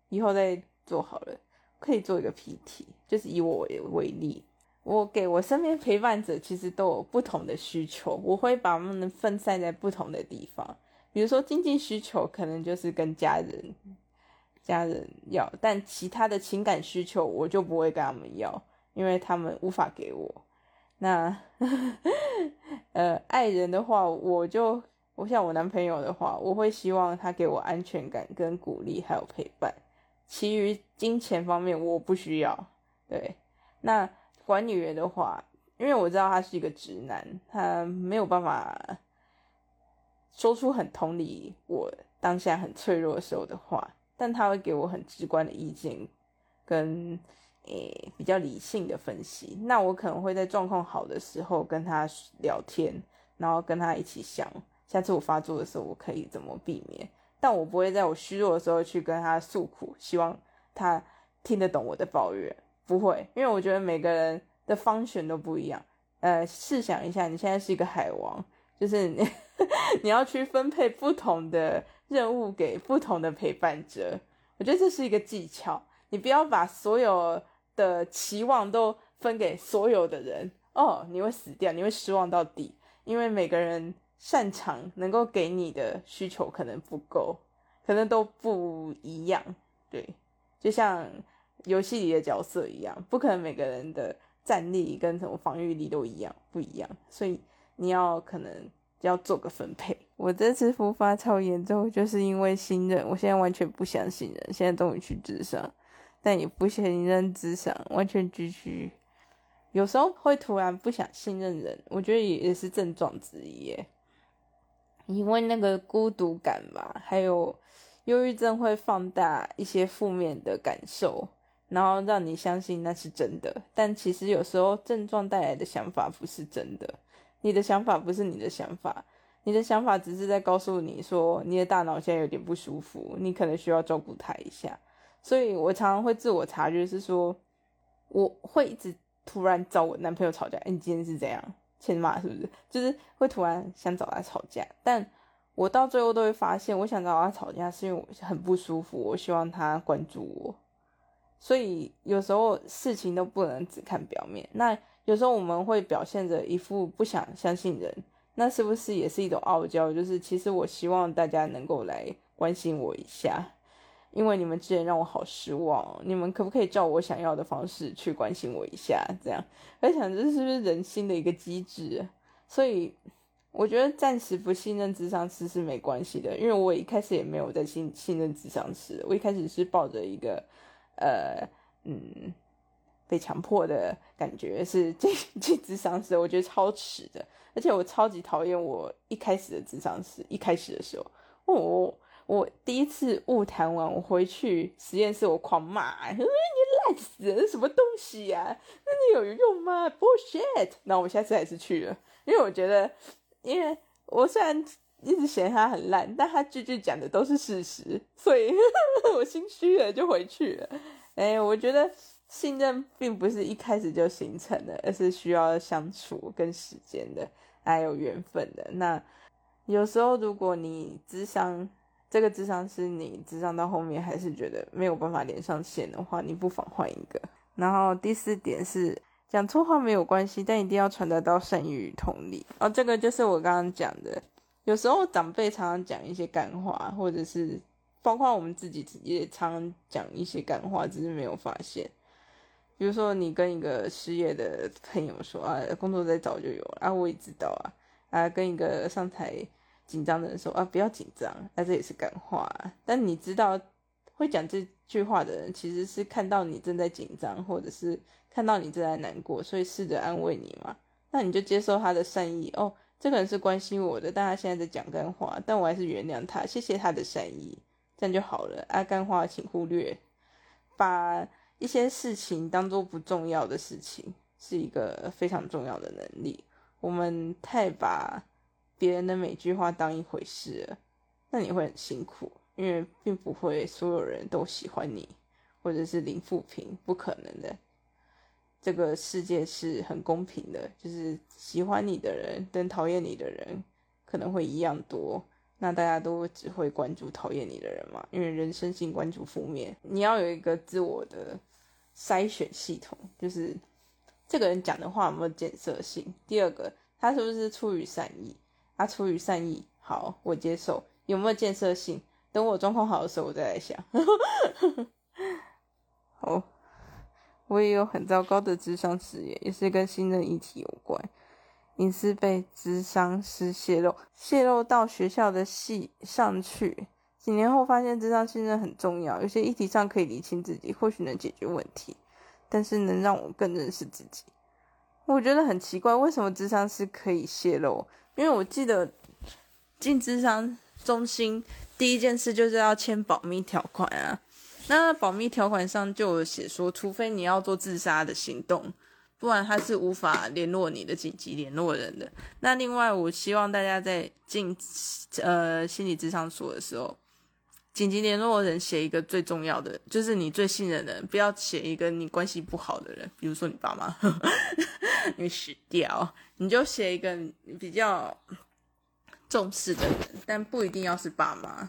Speaker 1: 以後再做好了。可以做一個 PT 就是以我為例，我給我身邊陪伴者其實都有不同的需求，我會把他們分散在不同的地方。比如說經濟需求，可能就是跟家人、家人要；但其他的情感需求，我就不會跟他們要，因為他們無法給我。那 (laughs) 呃，愛人的話，我就我像我男朋友的話，我會希望他給我安全感、跟鼓勵，還有陪伴。其餘金錢方面我不需要。對，那管理員的話，因為我知道他是一個直男，他沒有辦法說出很同理我當下很脆弱的時候的話，但他會給我很直觀的意見跟，跟、欸、誒比較理性的分析。那我可能會在狀況好的時候跟他聊天，然後跟他一起想，下次我發作的時候我可以怎麼避免。但我不會在我虛弱的時候去跟他訴苦，希望他聽得懂我的抱怨。不會，因為我覺得每個人的 function 都不一樣。呃，試想一下，你現在是一個海王，就是你 (laughs) 你要去分配不同的任務給不同的陪伴者。我覺得這是一個技巧，你不要把所有的期望都分給所有的人哦，你會死掉，你會失望到底，因為每個人，擅長能夠給你的需求可能不夠，可能都不一樣，對，就像遊戲裡的角色一樣，不可能每個人的戰力跟什麼防禦力都一樣，不一樣，所以你要可能要做個分配。我這次復發超嚴重，就是因為信任，我現在完全不相信人，現在終於去諮商，但也不信任諮商，完全 GG。有時候會突然不想信任人，我覺得也也是症狀之一，因為那個孤獨感吧，還有憂鬱症會放大一些負面的感受，然後讓你相信那是真的。但其實有時候症狀帶來的想法不是真的，你的想法不是你的想法，你的想法只是在告訴你說，你的大腦現在有點不舒服，你可能需要照顧他一下。所以我常常會自我察覺，是說我會一直突然找我男朋友吵架。誒，你今天是怎樣？欠罵是不是？就是會突然想找他吵架，但我到最後都會發現，我想找他吵架是因為我很不舒服，我希望他關注我。所以有時候事情都不能只看表面。那有時候我們會表現着一副不想相信人，那是不是也是一種傲嬌？就是其實我希望大家能夠來關心我一下。因為你們之前讓我好失望，哦，你們可不可以照我想要的方式去關心我一下？這樣我在想，這是不是人性的一個機制？所以我覺得暫時不信任諮商師是沒關係的，因為我一開始也沒有在信信任諮商師，我一開始是抱着一個呃嗯被強迫的感覺是，是這這諮商師，我覺得超恥的，而且我超級討厭我一開始的諮商師一開始的時候哦。我第一次晤談完，我回去實驗室，我狂罵，說、哎、你爛死人，這什麼東西呀、啊？那你有用嗎？bullshit。那我下次還是去了，因為我覺得，因為我雖然一直嫌他很爛，但他句句講的都是事實，所以 (laughs) 我心虛了就回去了。哎，我覺得信任並不是一開始就形成的，而是需要相處跟時間的，還有緣分的。那有時候如果你諮商，這個智商是你智商到後面還是覺得沒有辦法連上線的話，你不妨換一個。然後第四點是講錯話沒有關係，但一定要傳達到善意與同理。哦，這個就是我剛剛講的。有時候長輩常常講一些幹話，或者是包括我們自己也常常講一些幹話，只是沒有發現。比如說你跟一個失業的朋友說啊，工作再找就有了啊，我也知道啊啊，跟一個上台緊張的人說：“啊，不要緊張。”那這也是乾話啊。但你知道，會講這句話的人其實是看到你正在緊張，或者是看到你正在難過，所以試着安慰你嘛。那你就接受他的善意哦。這個人是關心我的，但他現在在講乾話，但我還是原諒他，謝謝他的善意，這樣就好了。啊，乾話，請忽略。把一些事情當做不重要的事情，是一個非常重要的能力。我們太把。別人的每句話當一回事了，那你會很辛苦，因為並不會所有人都喜歡你，或者是零負評，不可能的。這個世界是很公平的，就是喜歡你的人跟討厭你的人可能會一樣多。那大家都只會關注討厭你的人嘛，因為人生性關注負面。你要有一個自我的篩選系統，就是這個人講的話有沒有建設性？第二個，他是不是出於善意？他出於善意，好，我接受。有沒有建設性？等我狀況好的時候，我再來想。哦， (laughs) 我也有很糟糕的諮商事業也是跟信任議題有關。隱私被諮商師泄露，泄露到學校的系上去。幾年後發現，諮商信任很重要。有些議題上可以理清自己，或許能解決問題，但是能讓我更認識自己。我覺得很奇怪，為什麼諮商是可以泄露？因為我記得進諮商中心第一件事就是要簽保密條款啊，那保密條款上就有寫說，除非你要做自殺的行動，不然他是無法聯絡你的緊急聯絡人的。那另外，我希望大家在進呃心理諮商所的時候。緊急聯絡人寫一個最重要的，就是你最信任的人，不要寫一個你關係不好的人，比如說你爸媽，呵呵，你死掉，你就寫一個比較重視的人，但不一定要是爸媽。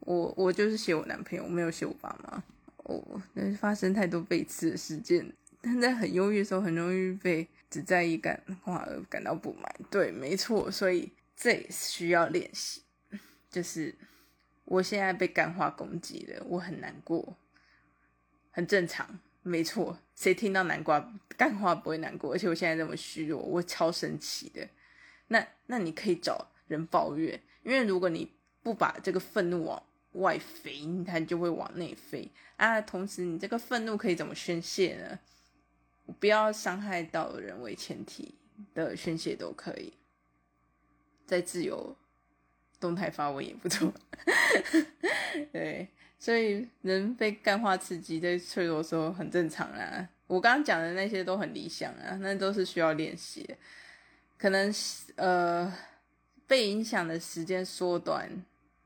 Speaker 1: 我我就是寫我男朋友，沒有寫我爸媽。哦，但是發生太多背刺的事件，但在很憂鬱的時候，很容易被只在意感話而感到不滿。對，沒錯，所以這需要練習，就是。我現在被幹話攻擊了，我很難過，很正常，沒錯。誰聽到南瓜幹話不會難過？而且我現在這麼虛弱，我超神奇的。那那你可以找人抱怨，因為如果你不把這個憤怒往外飛，它就會往內飛啊。同時，你這個憤怒可以怎麼宣洩呢？不要傷害到人為前提的宣洩都可以，在自由。動態發文也不錯， (laughs) 對，所以人被幹話刺激在脆弱的時候很正常啦、啊。我剛剛講的那些都很理想啊，那都是需要練習。可能呃被影響的時間縮短，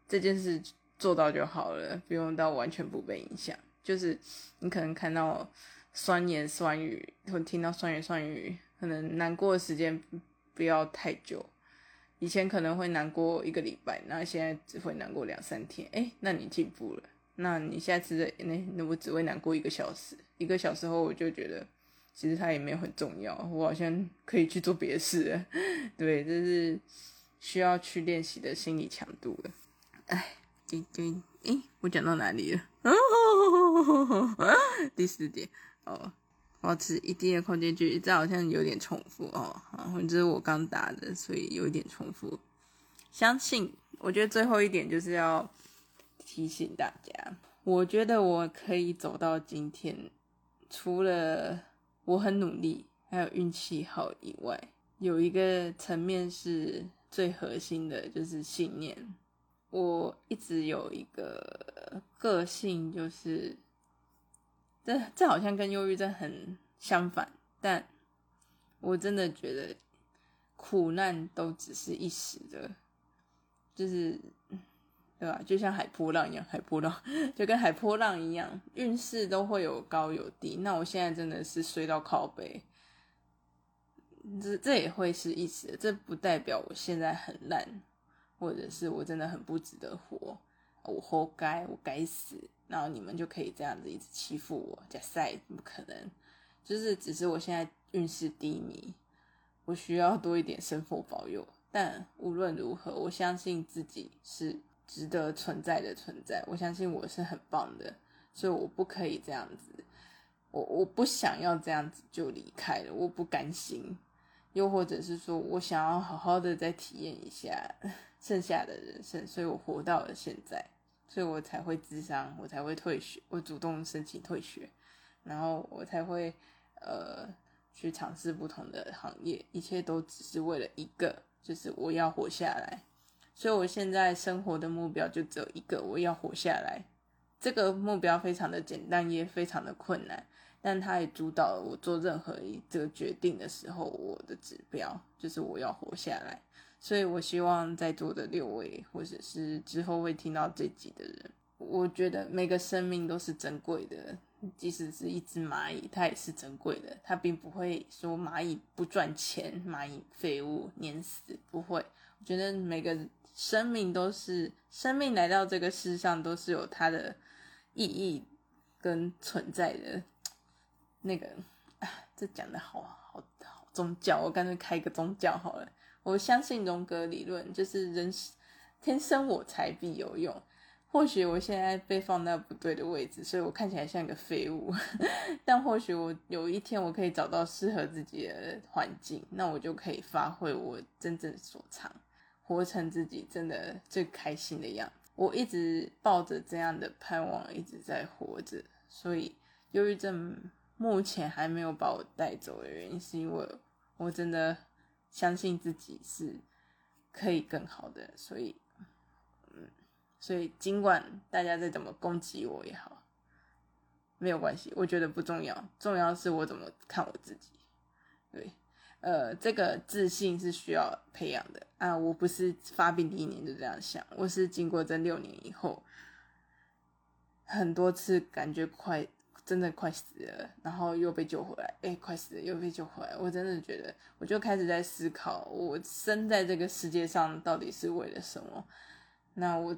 Speaker 1: 這件事做到就好了，不用到完全不被影響。就是你可能看到酸言酸語，或聽到酸言酸語，可能難過的時間不要太久。以前可能會難過一個禮拜，那現在只會難過兩三天。哎，那你進步了。那你下次那那我只會難過一個小時，一個小時後我就覺得，其實它也沒有很重要，我好像可以去做別的事了。對，這是需要去練習的心理強度了。哎，叮叮，誒，我講到哪裡了？第四點，哦。保持一定的空間距離，這好像有點重複哦。然後這是我剛打的，所以有一點重複。相信，我覺得最後一點就是要提醒大家，我覺得我可以走到今天，除了我很努力，還有運氣好以外，有一個層面是最核心的，就是信念。我一直有一個個性，就是。這這好像跟憂鬱症很相反，但我真的覺得苦難都只是一時的，就是對吧？就像海波浪一樣，海波浪就跟海波浪一樣，運勢都會有高有低。那我現在真的是衰到靠北，這這也會是一時的，這不代表我現在很爛，或者是我真的很不值得活。我活該，我該死，然後你們就可以這樣子一直欺負我。假賽不可能，就是只是我現在運勢低迷，我需要多一點神佛保佑。但無論如何，我相信自己是值得存在的存在。我相信我是很棒的，所以我不可以這樣子。我我不想要這樣子就離開了，我不甘心。又或者是說，我想要好好的再體驗一下剩下的人生，所以我活到了現在。所以我才會自傷，我才會退學，我主動申請退學，然後我才會呃去嘗試不同的行業，一切都只是為了一個，就是我要活下來。所以我現在生活的目標就只有一個，我要活下來。這個目標非常的簡單，也非常的困難，但它也主導了我做任何一這個決定的時候，我的指標就是我要活下來。所以，我希望在座的六位，或者是之後會聽到這集的人，我覺得每個生命都是珍貴的，即使是一隻螞蟻，它也是珍貴的。它並不會說螞蟻不賺錢，螞蟻廢物，碾死，不會。我覺得每個生命都是，生命來到這個世上都是有它的意義跟存在的。那個，啊，這講的好好好宗教，我乾脆開一個宗教好了。我相信榮格理論，就是人天生我材必有用。或許我現在被放到不對的位置，所以我看起來像一個廢物。 (laughs) 但或許我有一天我可以找到適合自己的環境，那我就可以發揮我真正所長，活成自己真的最開心的樣子。我一直抱着這樣的盼望一直在活着，所以憂鬱症目前還沒有把我帶走的原因，是因為我，我真的。相信自己是可以更好的，所以，嗯，所以儘管大家再怎麼攻擊我也好，沒有關係，我覺得不重要，重要的是我怎麼看我自己，對，呃，這個自信是需要培養的啊，我不是發病第一年就這樣想，我是經過這六年以後，很多次感覺快。真的快死了，然後又被救回來。誒，快死了又被救回來，我真的覺得，我就開始在思考，我生在這個世界上到底是為了什麼？那我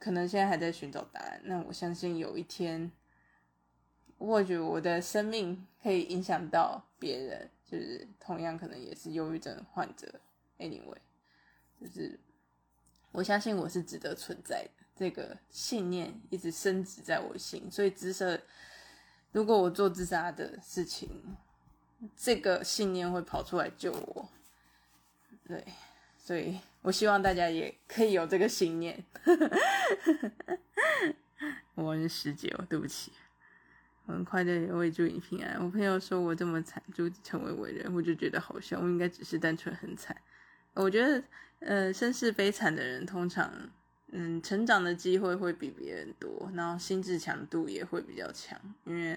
Speaker 1: 可能現在還在尋找答案。那我相信有一天，或許我的生命可以影響到別人，就是同樣可能也是憂鬱症患者。Anyway，就是我相信我是值得存在的，這個信念一直深植在我心，所以至少。如果我做自殺的事情，這個信念會跑出來救我。對，所以我希望大家也可以有這個信念。我是師姐，對不起，我很快樂，我也祝你平安。我朋友說我這麼慘就成為偉人，我就覺得好笑。我應該只是單純很慘。我覺得，呃，身世悲慘的人通常。嗯，成長的機會會比別人多，然後心智強度也會比較強，因為，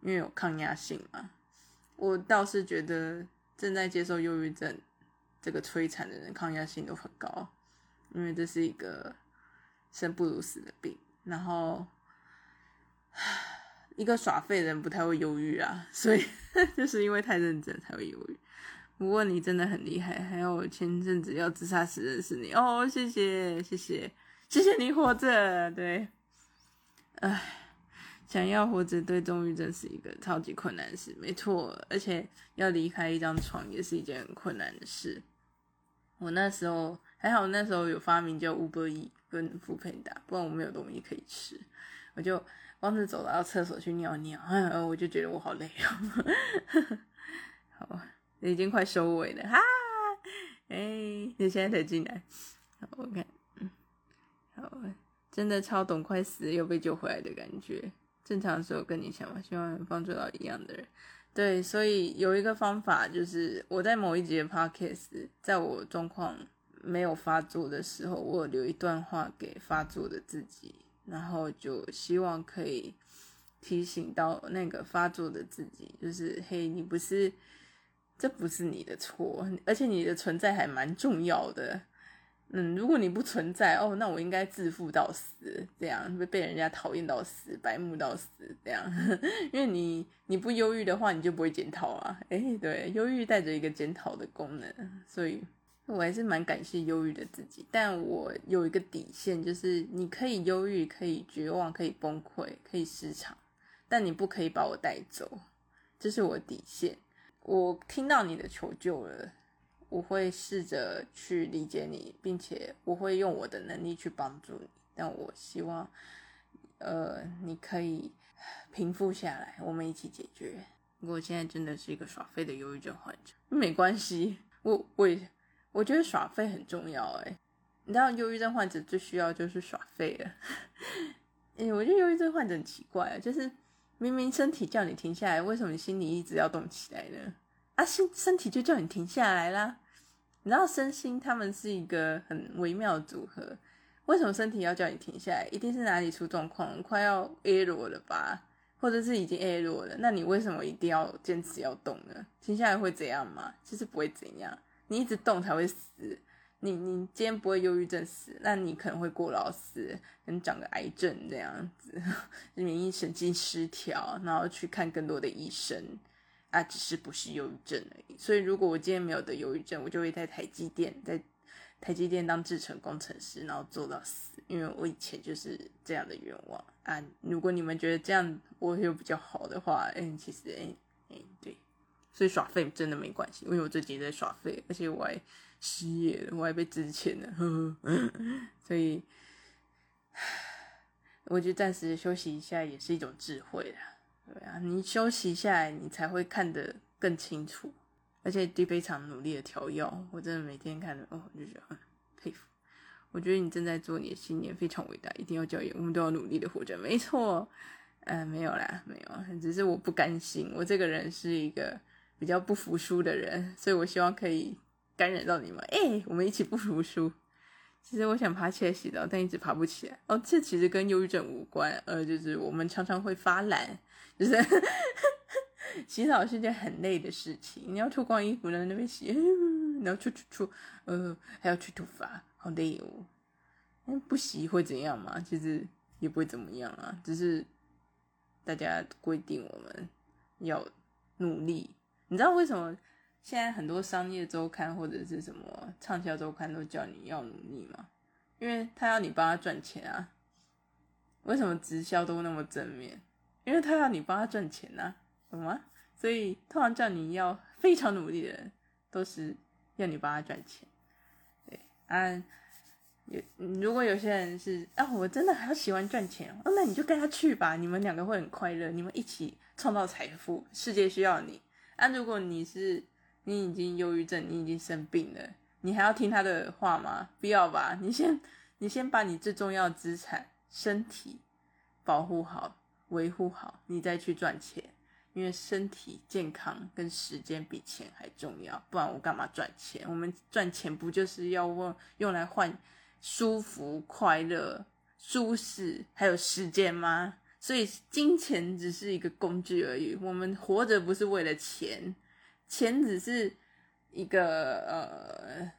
Speaker 1: 因為有抗壓性嘛。我倒是覺得正在接受憂鬱症這個摧殘的人，抗壓性都很高，因為這是一個生不如死的病。然後，一個耍廢的人不太會憂鬱啊，所以呵呵就是因為太認真才會憂鬱。不過你真的很厲害，還有我前陣子要自殺時認識你哦，謝謝謝謝謝謝你活着，對，哎，想要活着對，終於真是一個超級困難的事，沒錯，而且要離開一張床也是一件很困難的事。我那時候還好，那時候有發明叫 Uber Eats 跟 foodpanda，不然我沒有東西可以吃，我就光是走到廁所去尿尿呵呵，我就覺得我好累哦， (laughs) 好吧。已經快收尾了，哈、啊，哎、欸，你現在才進來，好，我看，嗯，好，真的超懂快死又被救回來的感覺。正常的時候跟你想，希望能幫助到一樣的人。對，所以有一個方法就是，我在某一節 podcast，在我狀況沒有發作的時候，我有留一段話給發作的自己，然後就希望可以提醒到那個發作的自己，就是嘿，你不是。這不是你的錯，而且你的存在還蠻重要的。嗯，如果你不存在哦，那我應該自負到死，這樣被被人家討厭到死，白目到死這樣。 (laughs) 因為你你不憂鬱的話，你就不會檢討啊。哎，對，憂鬱帶着一個檢討的功能，所以我還是蠻感謝憂鬱的自己。但我有一個底線，就是你可以憂鬱，可以絕望，可以崩潰，可以失常，但你不可以把我帶走，這是我的底線。我聽到你的求救了，我會試着去理解你，並且我會用我的能力去幫助你。但我希望，呃，你可以平復下來，我們一起解決。如果現在真的是一個耍廢的憂鬱症患者，沒關係，我我也我覺得耍廢很重要哎、欸，你知道，憂鬱症患者最需要就是耍廢了。哎、 (laughs) 欸，我覺得憂鬱症患者很奇怪啊，就是。明明身體叫你停下來，為什麼你心裡一直要動起來呢？啊，心身體就叫你停下來啦。你知道身心他們是一個很微妙的組合，為什麼身體要叫你停下來？一定是哪裡出狀況，快要 error 了吧，或者是已經 error 了？那你為什麼一定要堅持要動呢？停下來會怎樣嗎？其實不會怎樣，你一直動才會死。你你今天不會憂鬱症死，那你可能會過勞死，跟長個癌症這樣子， (laughs) 免疫神經失調，然後去看更多的醫生啊，只是不是憂鬱症而已。所以如果我今天沒有得憂鬱症，我就會在台積電，在台積電當製程工程師，然後做到死，因為我以前就是這樣的願望啊。如果你們覺得這樣我會比較好的話，嗯、欸，其實，嗯、欸，哎、欸、對，所以耍廢真的沒關係，因為我最近在耍廢，而且我還。失業了，我還被支錢呵，呵，呵。所以唉，我覺得暫時休息一下也是一種智慧啊。對啊，你一休息下來，你才會看得更清楚。而且你非常努力的調藥，我真的每天看哦，就是佩服。我覺得你正在做你的信念，非常偉大，一定要加油！我們都要努力的活着。沒錯，嗯、呃、沒有啦，沒有只是我不甘心。我這個人是一個比較不服輸的人，所以我希望可以。感染到你嗎？哎、欸，我們一起不服輸。其實我想爬起來洗澡，但一直爬不起來。哦，這其實跟憂鬱症無關，呃，就是我們常常會發懶，就是 (laughs) 洗澡是件很累的事情。你要脫光衣服在那邊洗，你要出出出，呃，還要去頭髮，好累哦。嗯、不洗會怎樣嘛？其實也不會怎麼樣啊，只、就是大家規定我們要努力。你知道為什麼？現在很多商業週刊或者是什麼暢銷週刊都叫你要努力嘛，因為他要你幫他賺錢啊。為什麼直銷都那麼正面？因為他要你幫他賺錢啊，懂嗎？所以通常叫你要非常努力的人，都是要你幫他賺錢。對啊，有如果有些人是啊我真的好喜歡賺錢哦，那你就跟他去吧，你們兩個會很快樂，你們一起創造財富，世界需要你。啊，如果你是。你已經憂鬱症，你已經生病了，你還要聽他的話嗎？不要吧！你先，你先把你最重要的資產——身體，保護好，維護好，你再去賺錢。因為身體健康跟時間比錢還重要。不然我幹嘛賺錢？我們賺錢不就是要用用來換舒服、快樂、舒適，還有時間嗎？所以金錢只是一個工具而已。我們活着不是為了錢。錢只是一個呃，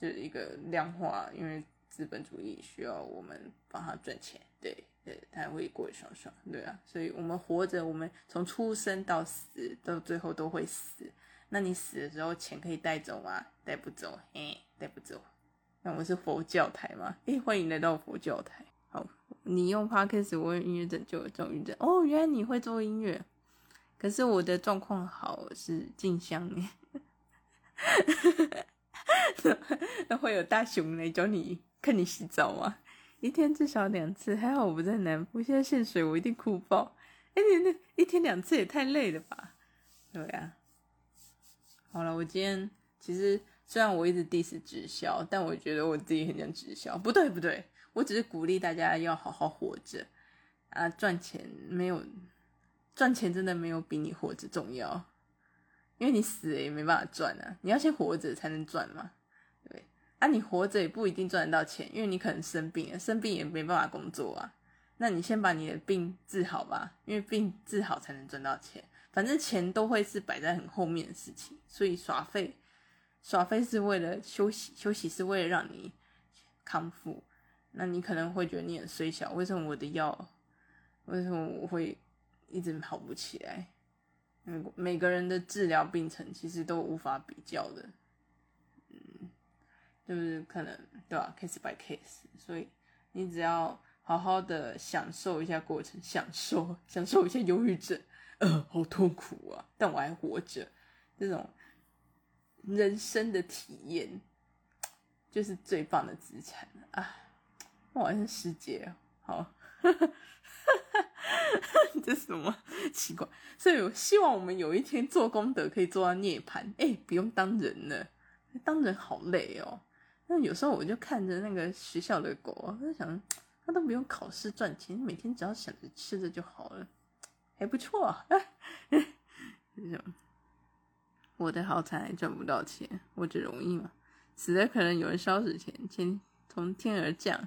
Speaker 1: 就是一個量化，因為資本主義需要我們幫他賺錢，對，對他會過得爽爽，對啊，所以我們活着，我們從出生到死，到最後都會死。那你死了之後，錢可以帶走嗎？帶不走，嘿，帶不走。那我們是佛教台嗎？哎，歡迎來到佛教台。好，你用 Podcast 我用音樂拯救憂鬱者，哦，原來你會做音樂。可是我的狀況好是靜香 (laughs) 那，那會有大雄來叫你看你洗澡嗎？一天至少兩次，還好我不在南部，現在限水我一定哭爆。哎，那那一天兩次也太累了吧？對呀、啊。好了，我今天其實雖然我一直 diss 直銷，但我覺得我自己很想直銷。不對不對，我只是鼓勵大家要好好活着啊，賺錢沒有。賺錢真的沒有比你活着重要，因為你死了也沒辦法賺啊！你要先活着才能賺嘛，對？啊，你活着也不一定賺得到錢，因為你可能生病了，生病也沒辦法工作啊。那你先把你的病治好吧，因為病治好才能賺到錢。反正錢都會是擺在很後面的事情，所以耍廢耍廢是為了休息，休息是為了讓你康復。那你可能會覺得你很衰小，為什麼我的藥？為什麼我會？一直跑不起來，每個人的治療病程其實都無法比較的，嗯，就是可能對吧，啊，case by case，所以你只要好好的享受一下過程，享受享受一下憂鬱症，呃，好痛苦啊，但我還活着，這種人生的體驗就是最棒的資產啊，啊！我還是世界，好。 (laughs) (laughs) 這是什麼奇怪？所以我希望我們有一天做功德可以做到涅槃，哎、欸，不用當人了，當人好累哦。那有時候我就看着那個學校的狗，我就想，他都不用考試賺錢，每天只要想着吃着就好了，還不錯。那什麼， (laughs) 我的好慘，賺不到錢，我這容易嘛？死的可能有人燒紙錢，錢從天而降，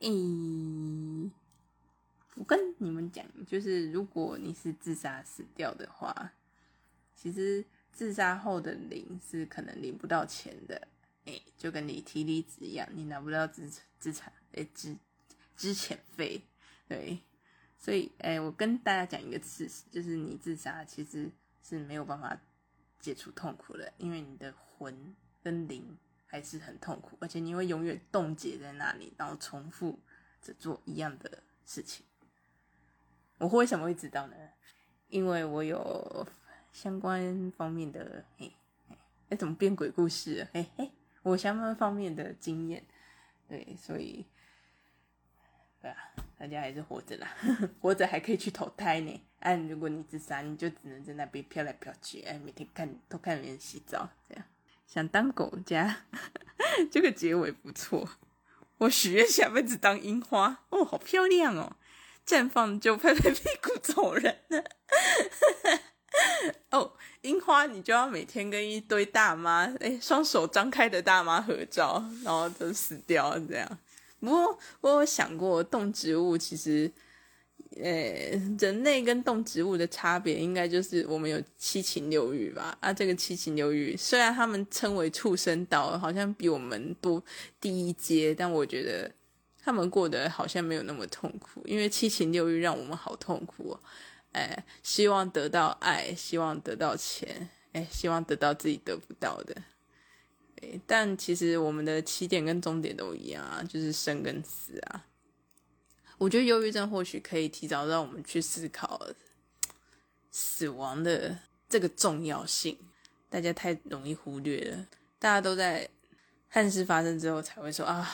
Speaker 1: 哎、欸。我跟你們講，就是如果你是自殺死掉的話，其實自殺後的靈是可能領不到錢的，哎、欸，就跟你提離職一樣，你拿不到資資產，哎、欸，資資遣費，對。所以，哎、欸，我跟大家講一個事實，就是你自殺其實是沒有辦法解除痛苦的，因為你的魂跟靈還是很痛苦，而且你會永遠凍結在那裡，然後重複着做一樣的事情。我為什麼會知道呢？因為我有相關方面的嘿，要、欸欸欸、怎麼變鬼故事？嘿、欸、嘿、欸，我相關方面的經驗，對，所以，對啊，大家還是活着啦，呵呵活着還可以去投胎呢。哎、啊，如果你自殺，你就只能在那邊飄來飄去。哎、欸，每天看偷看別人洗澡，這樣想當狗這樣， (laughs) 這個結尾不錯。我許願下輩子當櫻花，哦，好漂亮哦。綻放就拍拍屁股走人呢，哦，櫻花你就要每天跟一堆大媽，誒，雙手張開的大媽合照，然後就死掉這樣。不過，不過我有想過，動植物其實，誒，人類跟動植物的差別，應該就是我們有七情六欲吧？啊，這個七情六欲，雖然他們稱為畜生道，好像比我們多低一階，但我覺得。他們過得好像沒有那麼痛苦，因為七情六欲讓我們好痛苦哦，哦，哎，希望得到愛，希望得到錢，哎，希望得到自己得不到的，但其實我們的起點跟終點都一樣啊，就是生跟死啊。我覺得憂鬱症或許可以提早讓我們去思考死亡的這個重要性，大家太容易忽略了，大家都在憾事發生之後才會說啊。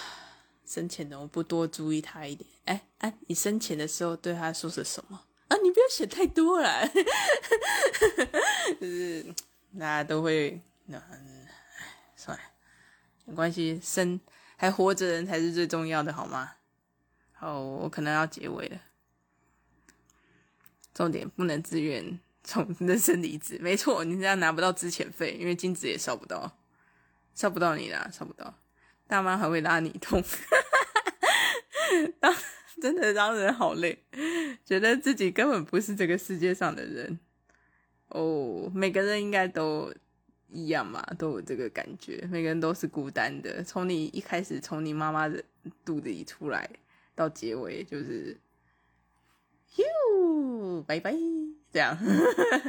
Speaker 1: 生前的，我不多注意他一點。哎、欸、哎、啊，你生前的時候對他說是什麼啊？你不要寫太多了， (laughs) 就是大家都會那、嗯、算了，沒關係，生還活着人才是最重要的，好嗎？好，我可能要結尾了。重點不能自願從人生離職，沒錯，你這樣拿不到資遣費，因為金紙也燒不到，燒不到你啦，燒不到。大媽還會拉你痛，當 (laughs) 真的讓人好累，覺得自己根本不是這個世界上的人哦。Oh, 每個人應該都一樣嘛，都有這個感覺。每個人都是孤單的，從你一開始從你媽媽的肚子裡出來，到結尾就是，喲，拜拜，這樣。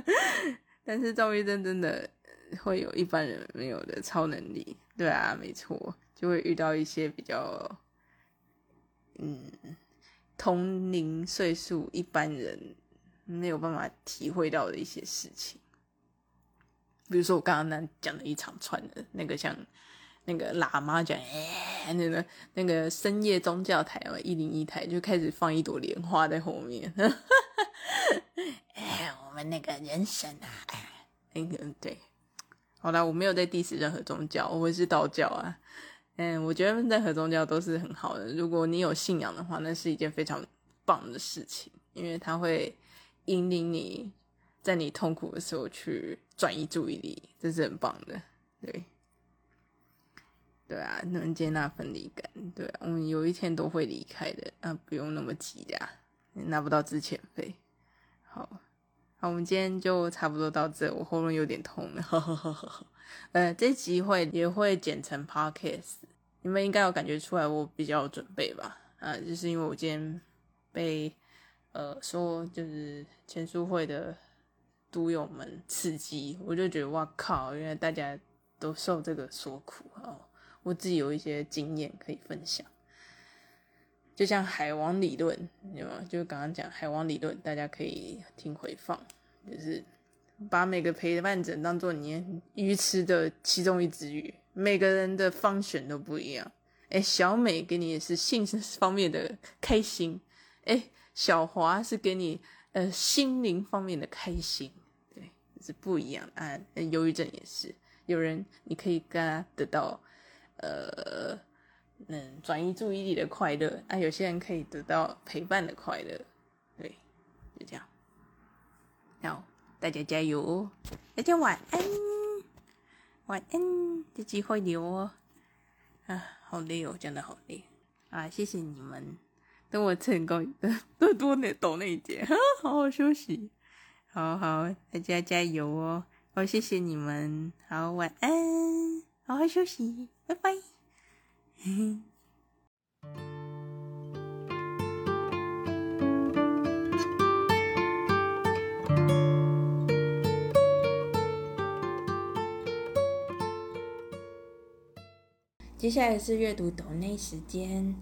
Speaker 1: (laughs) 但是躁鬱症真的會有一般人沒有的超能力，對啊，沒錯。就會遇到一些比較，嗯，同齡歲數一般人沒有辦法體會到的一些事情，比如說我剛剛那講的一長串的那個像，像那個喇嘛講，欸、那個那個深夜宗教台一零一台就開始放一朵蓮花在後面，哎、 (laughs) 欸，我們那個人生啊，哎，那個對，好啦，我沒有在 diss 任何宗教，我也是道教啊。嗯，我覺得任何宗教都是很好的。如果你有信仰的話，那是一件非常棒的事情，因為它會引領你，在你痛苦的時候去轉移注意力，這是很棒的。對，對啊，能接納分離感。對、啊，我們有一天都會離開的，啊，不用那麼急的、啊，拿不到資遣費。好，好，我們今天就差不多到這，我喉嚨有點痛了。呃、 (laughs) 嗯，這集會也會剪成 Podcast。你們應該有感覺出來，我比較有準備吧？啊，就是因為我今天被呃說，就是簽書會的讀友們刺激，我就覺得哇靠，原來大家都受這個所苦啊、哦！我自己有一些經驗可以分享，就像海王理論，你知道嗎？就剛剛講海王理論，大家可以聽回放，就是把每個陪伴者當做你魚池的其中一只魚。每個人的方式都不一樣，哎、欸，小美給你也是性方面的開心，哎、欸，小華是給你呃心靈方面的開心，對，就是不一樣的啊。欸，憂鬱症也是，有人你可以跟他得到呃，嗯，轉移注意力的快樂，啊，有些人可以得到陪伴的快樂，對，就這樣。好，大家加油，大家晚安。晚安，有機會聊哦。啊，好累哦，真的好累。啊，謝謝你們，等我成功，多多那懂那一點。好好休息，好好，大家加油哦。好，謝謝你們，好，晚安，好好休息，拜拜。 (laughs) 接下來是閱讀斗內時間，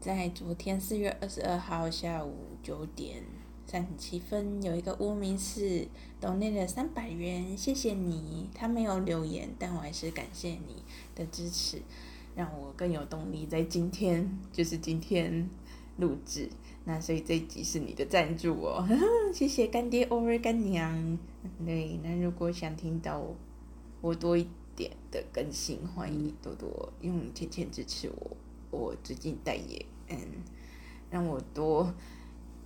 Speaker 1: 在昨天四月二十二號下午九點三十七分，有一個無名氏斗內了三百元，謝謝你，他沒有留言，但我還是感謝你的支持，讓我更有動力在今天，就是今天錄製。那所以這一集是你的贊助哦，呵呵謝謝乾爹或乾娘。對，那如果想聽到我多一點的更新，歡迎多多用錢錢支持我。我最近待業，嗯，讓我多、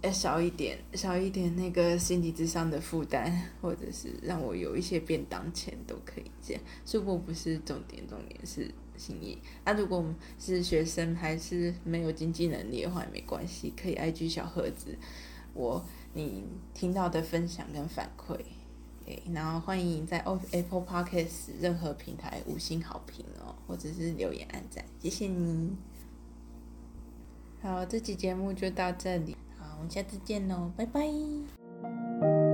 Speaker 1: 欸、少一點少一點那個心理諮商的負擔，或者是讓我有一些便當錢都可以這樣。數目不是重點，重點是心意。那、啊、如果是學生還是沒有經濟能力的話也沒關係，可以 IG 小盒子我你聽到的分享跟反饋。然後歡迎在 Apple Podcasts 任何平台五星好評哦，或者是留言、按讚，謝謝你。好，這期節目就到這裡，好，我們下次見嘍，拜拜。